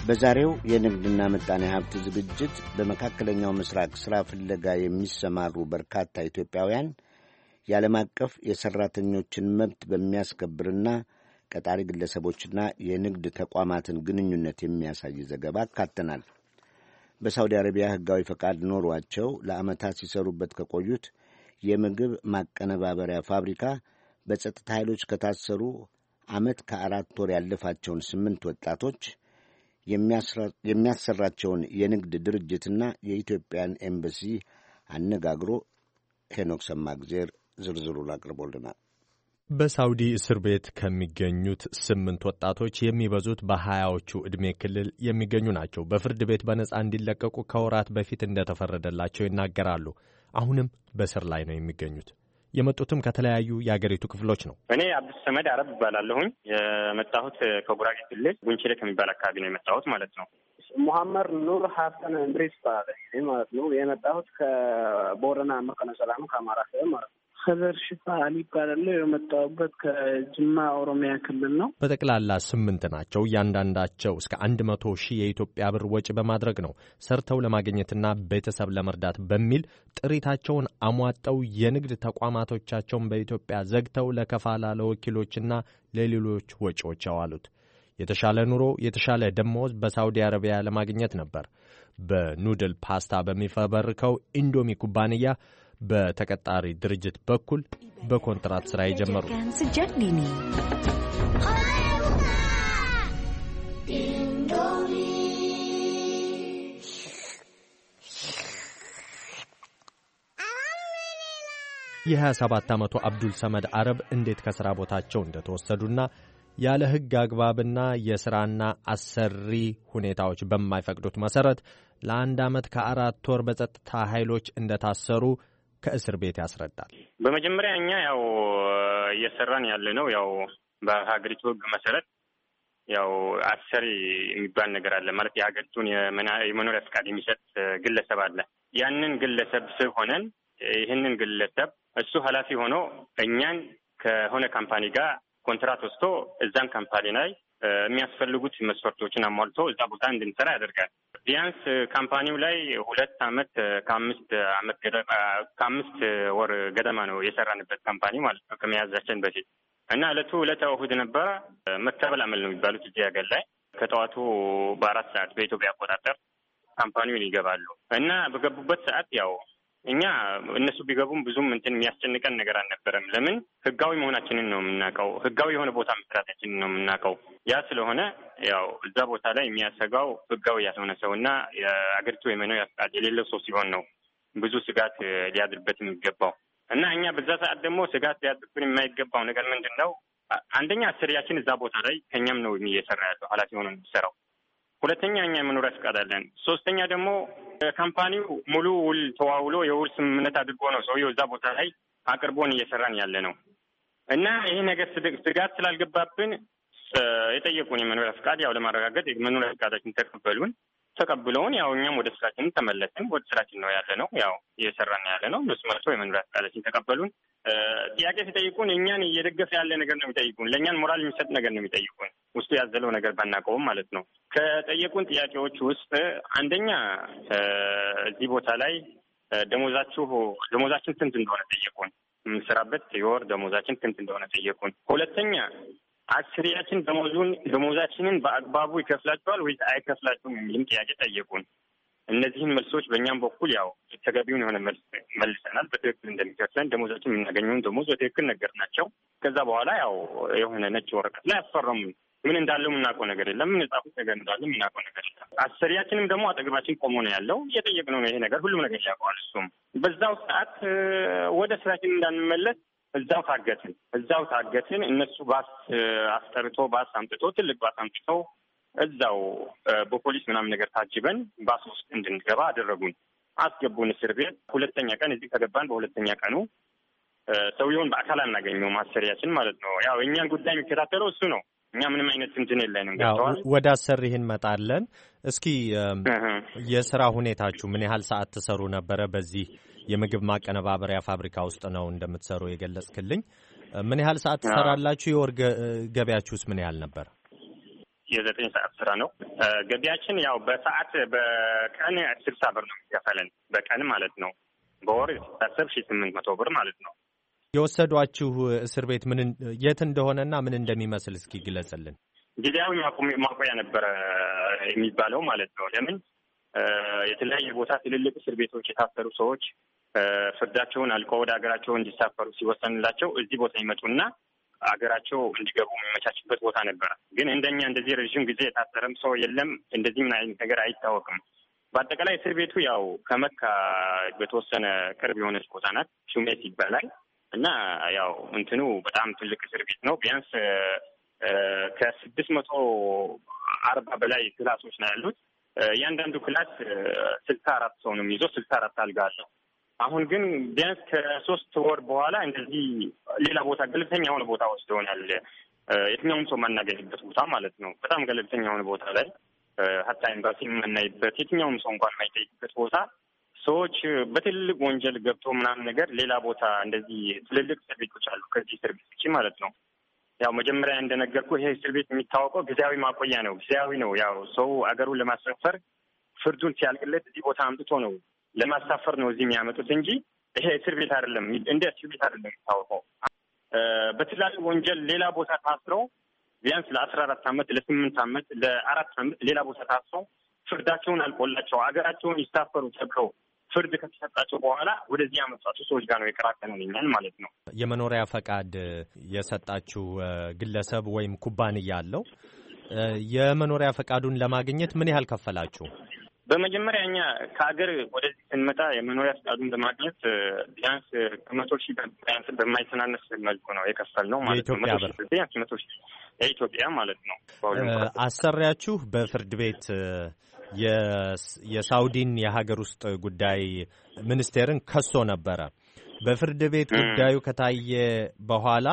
በዛሬው የንግድና ምጣኔ ሀብት ዝግጅት በመካከለኛው ምስራቅ ሥራ ፍለጋ የሚሰማሩ በርካታ ኢትዮጵያውያን የዓለም አቀፍ የሠራተኞችን መብት በሚያስከብርና ቀጣሪ ግለሰቦችና የንግድ ተቋማትን ግንኙነት የሚያሳይ ዘገባ አካተናል። በሳውዲ አረቢያ ሕጋዊ ፈቃድ ኖሯቸው ለዓመታት ሲሰሩበት ከቆዩት የምግብ ማቀነባበሪያ ፋብሪካ በጸጥታ ኃይሎች ከታሰሩ ዓመት ከአራት ወር ያለፋቸውን ስምንት ወጣቶች የሚያሰራቸውን የንግድ ድርጅትና የኢትዮጵያን ኤምባሲ አነጋግሮ ሄኖክ ሰማግዜር ዝርዝሩን አቅርቦልናል። በሳውዲ እስር ቤት ከሚገኙት ስምንት ወጣቶች የሚበዙት በሀያዎቹ ዕድሜ ክልል የሚገኙ ናቸው። በፍርድ ቤት በነጻ እንዲለቀቁ ከወራት በፊት እንደተፈረደላቸው ይናገራሉ። አሁንም በእስር ላይ ነው የሚገኙት። የመጡትም ከተለያዩ የአገሪቱ ክፍሎች ነው። እኔ አብዱስ ሰመድ አረብ እባላለሁኝ። የመጣሁት ከጉራጌ ክልል ጉንችሌ ከሚባል አካባቢ ነው የመጣሁት ማለት ነው። ሙሐመድ ኑር ሀሰን እንድሪስ ይባላል ማለት ነው። የመጣሁት ከቦረና መቀነሰላም ሰላም ከአማራ ማለት ነው ሰበር ሽፋን ይባላል። የመጣሁበት ከጅማ ኦሮሚያ ክልል ነው። በጠቅላላ ስምንት ናቸው። እያንዳንዳቸው እስከ አንድ መቶ ሺህ የኢትዮጵያ ብር ወጪ በማድረግ ነው ሰርተው ለማግኘትና ቤተሰብ ለመርዳት በሚል ጥሪታቸውን አሟጠው የንግድ ተቋማቶቻቸውን በኢትዮጵያ ዘግተው ለከፋላ ለወኪሎችና ለሌሎች ወጪዎች ያዋሉት። የተሻለ ኑሮ፣ የተሻለ ደሞዝ በሳውዲ አረቢያ ለማግኘት ነበር። በኑድል ፓስታ በሚፈበርከው ኢንዶሚ ኩባንያ በተቀጣሪ ድርጅት በኩል በኮንትራት ስራ የጀመሩ የ27 ዓመቱ አብዱል ሰመድ አረብ እንዴት ከሥራ ቦታቸው እንደተወሰዱና ያለ ሕግ አግባብና የሥራና አሰሪ ሁኔታዎች በማይፈቅዱት መሠረት ለአንድ ዓመት ከአራት ወር በጸጥታ ኃይሎች እንደታሰሩ ከእስር ቤት ያስረዳል። በመጀመሪያ እኛ ያው እየሰራን ያለ ነው ያው በሀገሪቱ ሕግ መሰረት ያው አሰሪ የሚባል ነገር አለ ማለት የሀገሪቱን የመኖሪያ ፍቃድ የሚሰጥ ግለሰብ አለ። ያንን ግለሰብ ስብ ሆነን ይህንን ግለሰብ እሱ ኃላፊ ሆኖ እኛን ከሆነ ካምፓኒ ጋር ኮንትራት ወስዶ እዛን ካምፓኒ ላይ የሚያስፈልጉት መስፈርቶችን አሟልቶ እዛ ቦታ እንድንሰራ ያደርጋል። ቢያንስ ካምፓኒው ላይ ሁለት አመት ከአምስት አመት ከአምስት ወር ገደማ ነው የሰራንበት ካምፓኒ ማለት ነው ከመያዛችን በፊት እና እለቱ እለተ እሁድ ነበረ። መተበል አመል ነው የሚባሉት እዚህ ሀገር ላይ ከጠዋቱ በአራት ሰዓት በኢትዮጵያ አቆጣጠር ካምፓኒውን ይገባሉ እና በገቡበት ሰዓት ያው እኛ እነሱ ቢገቡም ብዙም እንትን የሚያስጨንቀን ነገር አልነበረም። ለምን ህጋዊ መሆናችንን ነው የምናውቀው። ህጋዊ የሆነ ቦታ መስራታችንን ነው የምናውቀው። ያ ስለሆነ ያው እዛ ቦታ ላይ የሚያሰጋው ህጋዊ ያልሆነ ሰው እና የአገሪቱ የመነው ፈቃድ የሌለው ሰው ሲሆን ነው ብዙ ስጋት ሊያድርበት የሚገባው እና እኛ በዛ ሰዓት ደግሞ ስጋት ሊያድርብን የማይገባው ነገር ምንድን ነው? አንደኛ አሰሪያችን እዛ ቦታ ላይ ከኛም ነው እየሰራ ያለው ኃላፊ ሆኖ የሚሰራው ሁለተኛ እኛ የመኖሪያ ፍቃድ አለን። ሶስተኛ ደግሞ ካምፓኒው ሙሉ ውል ተዋውሎ የውል ስምምነት አድርጎ ነው ሰውየው እዛ ቦታ ላይ አቅርቦን እየሰራን ያለ ነው እና ይሄ ነገር ስጋት ስላልገባብን የጠየቁን የመኖሪያ ፍቃድ ያው ለማረጋገጥ የመኖሪያ ፍቃዳችን ተቀበሉን። ተቀብለውን ያው እኛም ወደ ስራችን ተመለስን። ወደ ስራችን ነው ያለ ነው ያው እየሰራን ያለ ነው። እነሱ መርሶ የመኖሪያ ቃለችን ተቀበሉን። ጥያቄ ሲጠይቁን እኛን እየደገፈ ያለ ነገር ነው የሚጠይቁን። ለእኛን ሞራል የሚሰጥ ነገር ነው የሚጠይቁን ውስጡ ያዘለው ነገር ባናውቀውም ማለት ነው። ከጠየቁን ጥያቄዎች ውስጥ አንደኛ እዚህ ቦታ ላይ ደሞዛችሁ ደሞዛችን ስንት እንደሆነ ጠየቁን። የምንሰራበት የወር ደሞዛችን ስንት እንደሆነ ጠየቁን። ሁለተኛ አስሪያችን ደሞዙን ደሞዛችንን በአግባቡ ይከፍላቸዋል ወይ አይከፍላቸውም የሚልም ጥያቄ ጠየቁን። እነዚህን መልሶች በእኛም በኩል ያው ተገቢውን የሆነ መልስ መልሰናል። በትክክል እንደሚከፍለን ደሞዛችን የምናገኘውን ደሞዝ በትክክል ነገር ናቸው። ከዛ በኋላ ያው የሆነ ነጭ ወረቀት ላይ አስፈረሙን። ምን እንዳለው የምናውቀው ነገር የለም። ምን የጻፉት ነገር እንዳለ የምናውቀው ነገር የለም። አሰሪያችንም ደግሞ አጠገባችን ቆሞ ነው ያለው። እየጠየቅነው ነው ይሄ ነገር ሁሉም ነገር ያውቀዋል። እሱም በዛው ሰዓት ወደ ስራችን እንዳንመለስ እዛው ታገትን እዛው ታገትን። እነሱ ባስ አስጠርቶ ባስ አምጥቶ ትልቅ ባስ አምጥቶ እዛው በፖሊስ ምናምን ነገር ታጅበን ባስ ውስጥ እንድንገባ አደረጉን። አስገቡን እስር ቤት። ሁለተኛ ቀን እዚህ ከገባን በሁለተኛ ቀኑ ሰውየውን በአካል አናገኘው፣ ማሰሪያችን ማለት ነው። ያው እኛን ጉዳይ የሚከታተለው እሱ ነው። እኛ ምንም አይነት እንትን የለንም። ገብተዋል። ወደ አሰሪህ እንመጣለን። እስኪ የስራ ሁኔታችሁ ምን ያህል ሰዓት ትሰሩ ነበረ በዚህ የምግብ ማቀነባበሪያ ፋብሪካ ውስጥ ነው እንደምትሰሩ የገለጽክልኝ። ምን ያህል ሰዓት ትሰራላችሁ? የወር ገቢያችሁስ ምን ያህል ነበር? የዘጠኝ ሰዓት ስራ ነው። ገቢያችን ያው በሰዓት በቀን ስልሳ ብር ነው የሚከፈለን፣ በቀን ማለት ነው። በወር ሲታሰብ ሺ ስምንት መቶ ብር ማለት ነው። የወሰዷችሁ እስር ቤት ምን የት እንደሆነና ምን እንደሚመስል እስኪ ግለጽልን። ጊዜያዊ ማቆያ ነበረ የሚባለው ማለት ነው። ለምን የተለያየ ቦታ ትልልቅ እስር ቤቶች የታሰሩ ሰዎች ፍርዳቸውን አልቆ ወደ ሀገራቸው እንዲሳፈሩ ሲወሰንላቸው እዚህ ቦታ ይመጡና አገራቸው እንዲገቡ የሚመቻችበት ቦታ ነበረ። ግን እንደኛ እንደዚህ ረዥም ጊዜ የታሰረም ሰው የለም። እንደዚህ ምን አይነት ነገር አይታወቅም። በአጠቃላይ እስር ቤቱ ያው ከመካ በተወሰነ ቅርብ የሆነች ቦታ ናት፣ ሹሜት ይባላል እና ያው እንትኑ በጣም ትልቅ እስር ቤት ነው። ቢያንስ ከስድስት መቶ አርባ በላይ ክላሶች ነው ያሉት። እያንዳንዱ ክላስ ስልሳ አራት ሰው ነው የሚይዘው። ስልሳ አራት አልጋ አለው። አሁን ግን ቢያንስ ከሶስት ወር በኋላ እንደዚህ ሌላ ቦታ ገለልተኛ የሆነ ቦታ ይሆናል የትኛውም ሰው የማናገኝበት ቦታ ማለት ነው። በጣም ገለልተኛ የሆነ ቦታ ላይ ሀታ ኤምባሲ የምናይበት የትኛውም ሰው እንኳን የማይጠይቅበት ቦታ ሰዎች በትልልቅ ወንጀል ገብቶ ምናምን ነገር ሌላ ቦታ እንደዚህ ትልልቅ እስር ቤቶች አሉ። ከዚህ እስር ቤት ውጭ ማለት ነው። ያው መጀመሪያ እንደነገርኩ ይሄ እስር ቤት የሚታወቀው ጊዜያዊ ማቆያ ነው። ጊዜያዊ ነው። ያው ሰው አገሩን ለማስፈፈር ፍርዱን ሲያልቅለት እዚህ ቦታ አምጥቶ ነው ለማሳፈር ነው እዚህ የሚያመጡት እንጂ ይሄ እስር ቤት አይደለም፣ እንደ እስር ቤት አይደለም የሚታወቀው። በትላልቅ ወንጀል ሌላ ቦታ ታስረው ቢያንስ ለአስራ አራት አመት ለስምንት አመት ለአራት አመት ሌላ ቦታ ታስረው ፍርዳቸውን አልቆላቸው ሀገራቸውን ይሳፈሩ ተብለው ፍርድ ከተሰጣቸው በኋላ ወደዚህ ያመጧቸው ሰዎች ጋር ነው የቀራቀነን ማለት ነው። የመኖሪያ ፈቃድ የሰጣችሁ ግለሰብ ወይም ኩባንያ አለው። የመኖሪያ ፈቃዱን ለማግኘት ምን ያህል ከፈላችሁ? በመጀመሪያ እኛ ከሀገር ወደዚህ ስንመጣ የመኖሪያ ፍቃዱን ለማግኘት ቢያንስ ከመቶ ሺህ ቢያንስ በማይተናነስ መልኩ ነው የከፈል ነው ማለት ነው። ቢያንስ መቶ ሺህ የኢትዮጵያ ማለት ነው። አሰሪያችሁ በፍርድ ቤት የሳውዲን የሀገር ውስጥ ጉዳይ ሚኒስቴርን ከሶ ነበረ። በፍርድ ቤት ጉዳዩ ከታየ በኋላ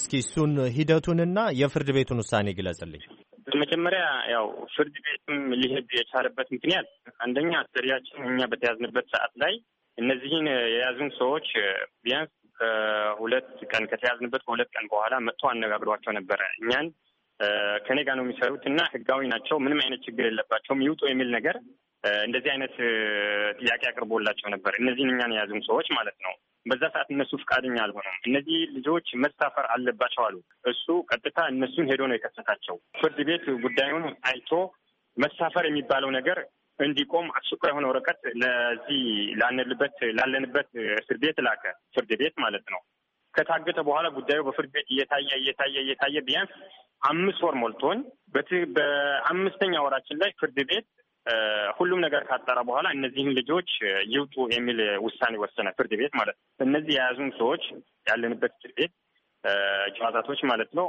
እስኪ እሱን ሂደቱንና የፍርድ ቤቱን ውሳኔ ግለጽልኝ። በመጀመሪያ ያው ፍርድ ቤትም ሊሄድ የቻለበት ምክንያት አንደኛ አሰሪያችን እኛ በተያዝንበት ሰዓት ላይ እነዚህን የያዙን ሰዎች ቢያንስ ከሁለት ቀን ከተያዝንበት ከሁለት ቀን በኋላ መጥቶ አነጋግሯቸው ነበረ። እኛን ከኔ ጋር ነው የሚሰሩት እና ህጋዊ ናቸው፣ ምንም አይነት ችግር የለባቸውም፣ ይውጡ የሚል ነገር እንደዚህ አይነት ጥያቄ አቅርቦላቸው ነበር። እነዚህን እኛን የያዙም ሰዎች ማለት ነው። በዛ ሰዓት እነሱ ፈቃደኛ አልሆነም። እነዚህ ልጆች መሳፈር አለባቸው አሉ። እሱ ቀጥታ እነሱን ሄዶ ነው የከሰታቸው። ፍርድ ቤት ጉዳዩን አይቶ መሳፈር የሚባለው ነገር እንዲቆም አስቸኳይ የሆነ ወረቀት ለዚህ ላንልበት ላለንበት እስር ቤት ላከ። ፍርድ ቤት ማለት ነው። ከታገተ በኋላ ጉዳዩ በፍርድ ቤት እየታየ እየታየ እየታየ ቢያንስ አምስት ወር ሞልቶኝ በአምስተኛ ወራችን ላይ ፍርድ ቤት ሁሉም ነገር ካጠራ በኋላ እነዚህን ልጆች ይውጡ የሚል ውሳኔ ወሰነ ፍርድ ቤት ማለት ነው። እነዚህ የያዙን ሰዎች ያለንበት ፍርድ ቤት ጨዋታቶች ማለት ነው።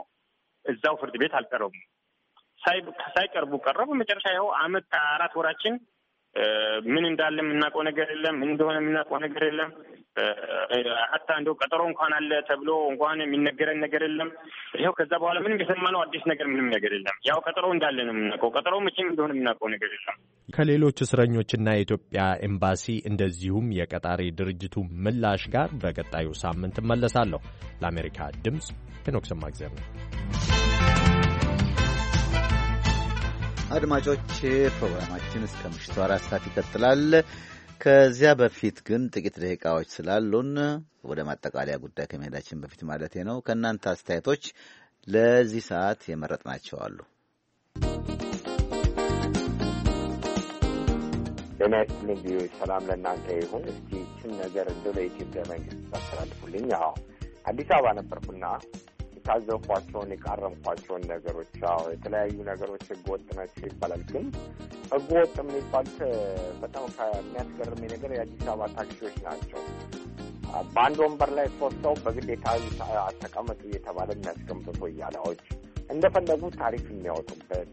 እዛው ፍርድ ቤት አልቀረቡም። ሳይቀርቡ ቀረቡ። መጨረሻ ይኸው አመት ከአራት ወራችን ምን እንዳለ የምናውቀው ነገር የለም። ምን እንደሆነ የምናውቀው ነገር የለም። ሀታ እንደው ቀጠሮ እንኳን አለ ተብሎ እንኳን የሚነገረን ነገር የለም። ይኸው ከዛ በኋላ ምንም የሰማነው አዲስ ነገር ምንም ነገር የለም። ያው ቀጠሮ እንዳለ ነው የምናውቀው። ቀጠሮ መቼም እንደሆነ የምናውቀው ነገር የለም። ከሌሎች እስረኞችና የኢትዮጵያ ኤምባሲ እንደዚሁም የቀጣሪ ድርጅቱ ምላሽ ጋር በቀጣዩ ሳምንት እመለሳለሁ። ለአሜሪካ ድምፅ ሄኖክ ሰማእግዜር ነው። አድማጮች ፕሮግራማችን እስከ ምሽቱ አራት ሰዓት ይቀጥላል። ከዚያ በፊት ግን ጥቂት ደቂቃዎች ስላሉን ወደ ማጠቃለያ ጉዳይ ከመሄዳችን በፊት ማለቴ ነው ከእናንተ አስተያየቶች ለዚህ ሰዓት የመረጥናቸው አሉ። ጤና ይስጥልኝ። ቪዮች ሰላም ለእናንተ ይሁን። እስቲ ይህችን ነገር እንደ ለኢትዮጵያ መንግስት ታስተላልፉልኝ። አዎ አዲስ አበባ ነበርኩና የታዘብኳቸውን የቃረምኳቸውን ነገሮች አዎ፣ የተለያዩ ነገሮች ህገወጥ ናቸው ይባላል። ግን ህገወጥ የሚባሉት በጣም ከሚያስገርም ነገር የአዲስ አበባ ታክሲዎች ናቸው። በአንድ ወንበር ላይ ሶስት ሰው በግዴታ አተቀመጡ እየተባለ የሚያስቀምጡት እያለዎች እንደፈለጉ ታሪፍ የሚያወጡበት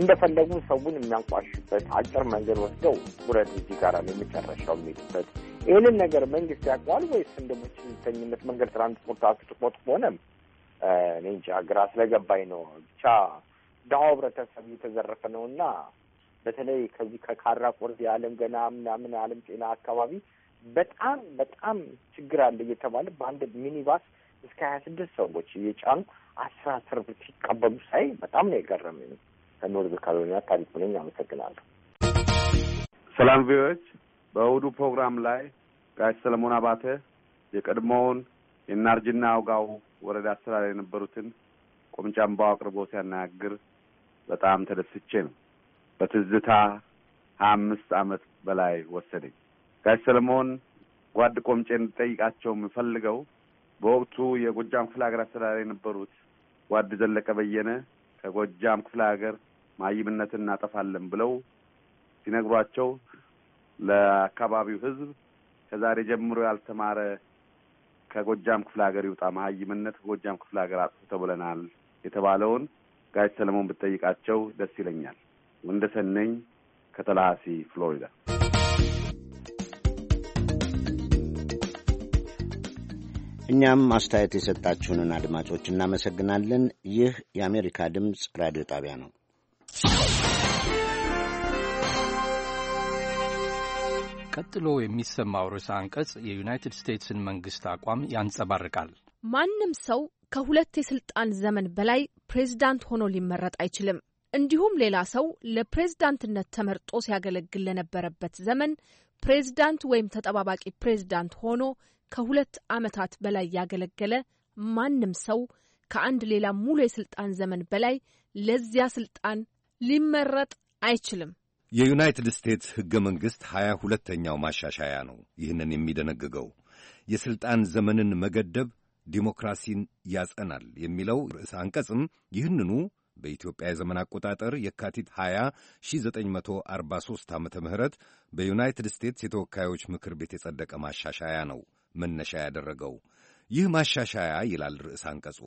እንደፈለጉ ሰውን የሚያንቋሽበት አጭር መንገድ ወስደው ውረድ እዚህ ጋር ነው የመጨረሻው የሚሄዱበት። ይህንን ነገር መንግስት ያውቀዋል ወይስ እንደ ሙችተኝነት መንገድ ትራንስፖርት አስጥቆት ከሆነም እኔ እንጃ ግራ ስለገባኝ ነው። ብቻ ድሀው ህብረተሰብ እየተዘረፈ ነው እና በተለይ ከዚህ ከካራ ቆርድ የዓለም ገና ምናምን ዓለም ጤና አካባቢ በጣም በጣም ችግር አለ እየተባለ በአንድ ሚኒባስ እስከ ሀያ ስድስት ሰዎች እየጫኑ አስራ አስር ብር ሲቀበሉ ሳይ በጣም ነው የገረመኝ። ከኖርዝ ካሎኒያ ታሪኩ ነኝ። አመሰግናለሁ። ሰላም ቪዎች በእሁዱ ፕሮግራም ላይ ጋሽ ሰለሞን አባተ የቀድሞውን የናርጅና አውጋው ወረዳ አሰራር የነበሩትን ቆምጫምባ አቅርቦ ሲያነጋግር በጣም ተደስቼ ነው። በትዝታ ሀያ አምስት አመት በላይ ወሰደኝ። ጋሽ ሰለሞን ጓድ ቆምጬ እንድጠይቃቸው የምፈልገው በወቅቱ የጎጃም ክፍለ ሀገር አስተዳዳሪ የነበሩት ጓድ ዘለቀ በየነ ከጎጃም ክፍለ ሀገር ማይምነት እናጠፋለን ብለው ሲነግሯቸው ለአካባቢው ሕዝብ ከዛሬ ጀምሮ ያልተማረ ከጎጃም ክፍለ ሀገር ይውጣ መሀይምነት ከጎጃም ክፍለ ሀገር አጥፍቶ ብለናል የተባለውን ጋሽ ሰለሞን ብትጠይቃቸው ደስ ይለኛል። ወንደሰነኝ ከተላሲ ፍሎሪዳ። እኛም አስተያየት የሰጣችሁንን አድማጮች እናመሰግናለን። ይህ የአሜሪካ ድምፅ ራዲዮ ጣቢያ ነው። ቀጥሎ የሚሰማው ርዕሰ አንቀጽ የዩናይትድ ስቴትስን መንግሥት አቋም ያንጸባርቃል። ማንም ሰው ከሁለት የሥልጣን ዘመን በላይ ፕሬዝዳንት ሆኖ ሊመረጥ አይችልም። እንዲሁም ሌላ ሰው ለፕሬዝዳንትነት ተመርጦ ሲያገለግል ለነበረበት ዘመን ፕሬዝዳንት ወይም ተጠባባቂ ፕሬዝዳንት ሆኖ ከሁለት ዓመታት በላይ ያገለገለ ማንም ሰው ከአንድ ሌላ ሙሉ የስልጣን ዘመን በላይ ለዚያ ስልጣን ሊመረጥ አይችልም። የዩናይትድ ስቴትስ ሕገ መንግሥት ሀያ ሁለተኛው ማሻሻያ ነው ይህንን የሚደነግገው። የሥልጣን ዘመንን መገደብ ዲሞክራሲን ያጸናል የሚለው ርዕሰ አንቀጽም ይህንኑ በኢትዮጵያ የዘመን አቆጣጠር የካቲት 20 1943 ዓ ም በዩናይትድ ስቴትስ የተወካዮች ምክር ቤት የጸደቀ ማሻሻያ ነው መነሻ ያደረገው። ይህ ማሻሻያ ይላል ርዕስ አንቀጹ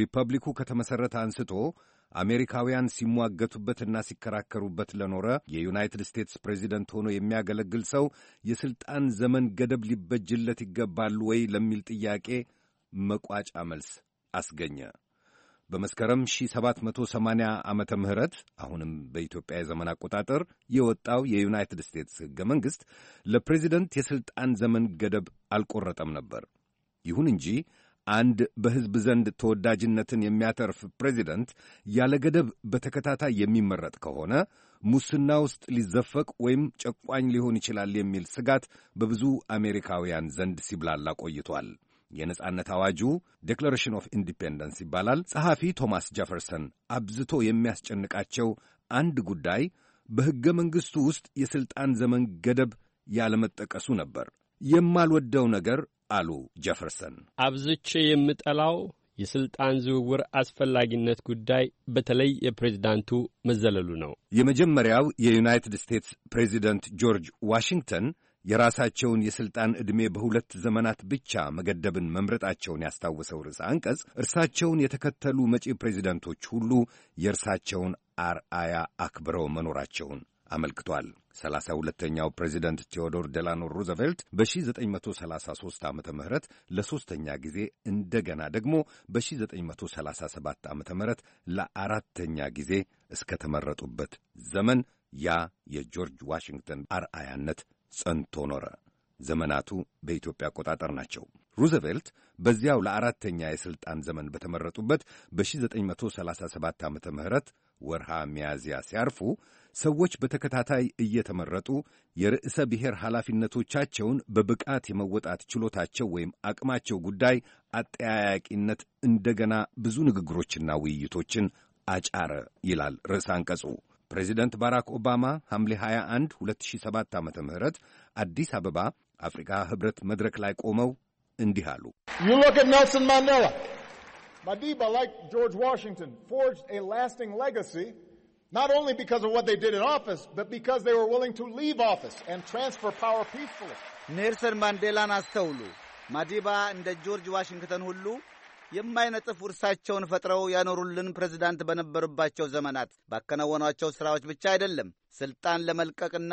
ሪፐብሊኩ ከተመሠረተ አንስቶ አሜሪካውያን ሲሟገቱበትና ሲከራከሩበት ለኖረ የዩናይትድ ስቴትስ ፕሬዚደንት ሆኖ የሚያገለግል ሰው የሥልጣን ዘመን ገደብ ሊበጅለት ይገባል ወይ ለሚል ጥያቄ መቋጫ መልስ አስገኘ። በመስከረም 1780 ዓመተ ምህረት አሁንም በኢትዮጵያ የዘመን አቆጣጠር የወጣው የዩናይትድ ስቴትስ ሕገ መንግሥት ለፕሬዚደንት የሥልጣን ዘመን ገደብ አልቆረጠም ነበር። ይሁን እንጂ አንድ በሕዝብ ዘንድ ተወዳጅነትን የሚያተርፍ ፕሬዚደንት ያለ ገደብ በተከታታይ የሚመረጥ ከሆነ ሙስና ውስጥ ሊዘፈቅ ወይም ጨቋኝ ሊሆን ይችላል የሚል ስጋት በብዙ አሜሪካውያን ዘንድ ሲብላላ ቆይቷል። የነጻነት አዋጁ ዴክላሬሽን ኦፍ ኢንዲፔንደንስ ይባላል። ጸሐፊ ቶማስ ጀፈርሰን አብዝቶ የሚያስጨንቃቸው አንድ ጉዳይ በሕገ መንግሥቱ ውስጥ የሥልጣን ዘመን ገደብ ያለመጠቀሱ ነበር። የማልወደው ነገር አሉ ጀፈርሰን። አብዝቼ የምጠላው የሥልጣን ዝውውር አስፈላጊነት ጉዳይ በተለይ የፕሬዚዳንቱ መዘለሉ ነው። የመጀመሪያው የዩናይትድ ስቴትስ ፕሬዚደንት ጆርጅ ዋሽንግተን የራሳቸውን የሥልጣን ዕድሜ በሁለት ዘመናት ብቻ መገደብን መምረጣቸውን ያስታወሰው ርዕሰ አንቀጽ እርሳቸውን የተከተሉ መጪ ፕሬዚደንቶች ሁሉ የእርሳቸውን አርአያ አክብረው መኖራቸውን አመልክቷል። 32 ሁለተኛው ፕሬዚደንት ቴዎዶር ዴላኖ ሩዘቬልት በ1933 ዓ ም ለሦስተኛ ጊዜ እንደገና ደግሞ በ1937 ዓ ም ለአራተኛ ጊዜ እስከተመረጡበት ዘመን ያ የጆርጅ ዋሽንግተን አርአያነት ጸንቶ ኖረ። ዘመናቱ በኢትዮጵያ አቆጣጠር ናቸው። ሩዘቬልት በዚያው ለአራተኛ የሥልጣን ዘመን በተመረጡበት በ1937 ዓ ም ወርሃ ሚያዝያ ሲያርፉ ሰዎች በተከታታይ እየተመረጡ የርዕሰ ብሔር ኃላፊነቶቻቸውን በብቃት የመወጣት ችሎታቸው ወይም አቅማቸው ጉዳይ አጠያያቂነት እንደገና ብዙ ንግግሮችና ውይይቶችን አጫረ ይላል ርዕሰ አንቀጹ። ፕሬዚደንት ባራክ ኦባማ ሐምሌ 21 2007 ዓ ም አዲስ አበባ አፍሪካ ህብረት መድረክ ላይ ቆመው እንዲህ አሉ። ኔልሰን ማንዴላ ማዲባ ላይክ ጆርጅ ዋሽንግተን ፎርጅድ ኤ ላስቲንግ ሌጋሲ not only because of what they did in office, but because they were willing to leave office and transfer power peacefully. ኔልሰን ማንዴላን አስተውሉ። ማዲባ እንደ ጆርጅ ዋሽንግተን ሁሉ የማይነጥፍ ውርሳቸውን ፈጥረው ያኖሩልን ፕሬዚዳንት በነበሩባቸው ዘመናት ባከናወኗቸው ሥራዎች ብቻ አይደለም፣ ሥልጣን ለመልቀቅና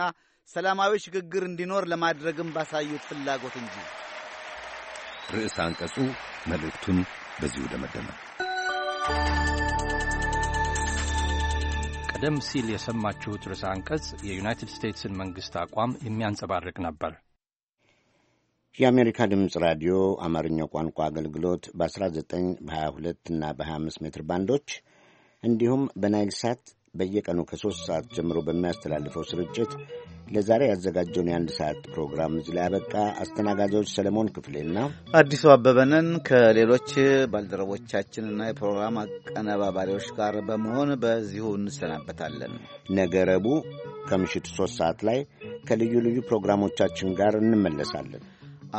ሰላማዊ ሽግግር እንዲኖር ለማድረግም ባሳዩት ፍላጎት እንጂ። ርዕስ አንቀጹ መልእክቱን በዚሁ ደመደመ። ቀደም ሲል የሰማችሁት ርዕስ አንቀጽ የዩናይትድ ስቴትስን መንግሥት አቋም የሚያንጸባርቅ ነበር። የአሜሪካ ድምፅ ራዲዮ አማርኛው ቋንቋ አገልግሎት በ19 በ22 እና በ25 ሜትር ባንዶች እንዲሁም በናይል ሳት በየቀኑ ከሦስት ሰዓት ጀምሮ በሚያስተላልፈው ስርጭት ለዛሬ ያዘጋጀውን የአንድ ሰዓት ፕሮግራም እዚህ ላይ አበቃ። አስተናጋጆች ሰለሞን ክፍሌና አዲሱ አበበንን ከሌሎች ባልደረቦቻችንና የፕሮግራም አቀነባባሪዎች ጋር በመሆን በዚሁ እንሰናበታለን። ነገ ረቡዕ ከምሽቱ ሶስት ሰዓት ላይ ከልዩ ልዩ ፕሮግራሞቻችን ጋር እንመለሳለን።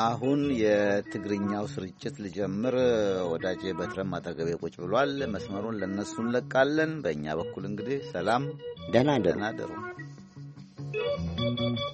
አሁን የትግርኛው ስርጭት ልጀምር። ወዳጄ በትረም አጠገቤ ቁጭ ብሏል። መስመሩን ለእነሱ እንለቃለን። በእኛ በኩል እንግዲህ ሰላም፣ ደህና ደሩ። Thank you.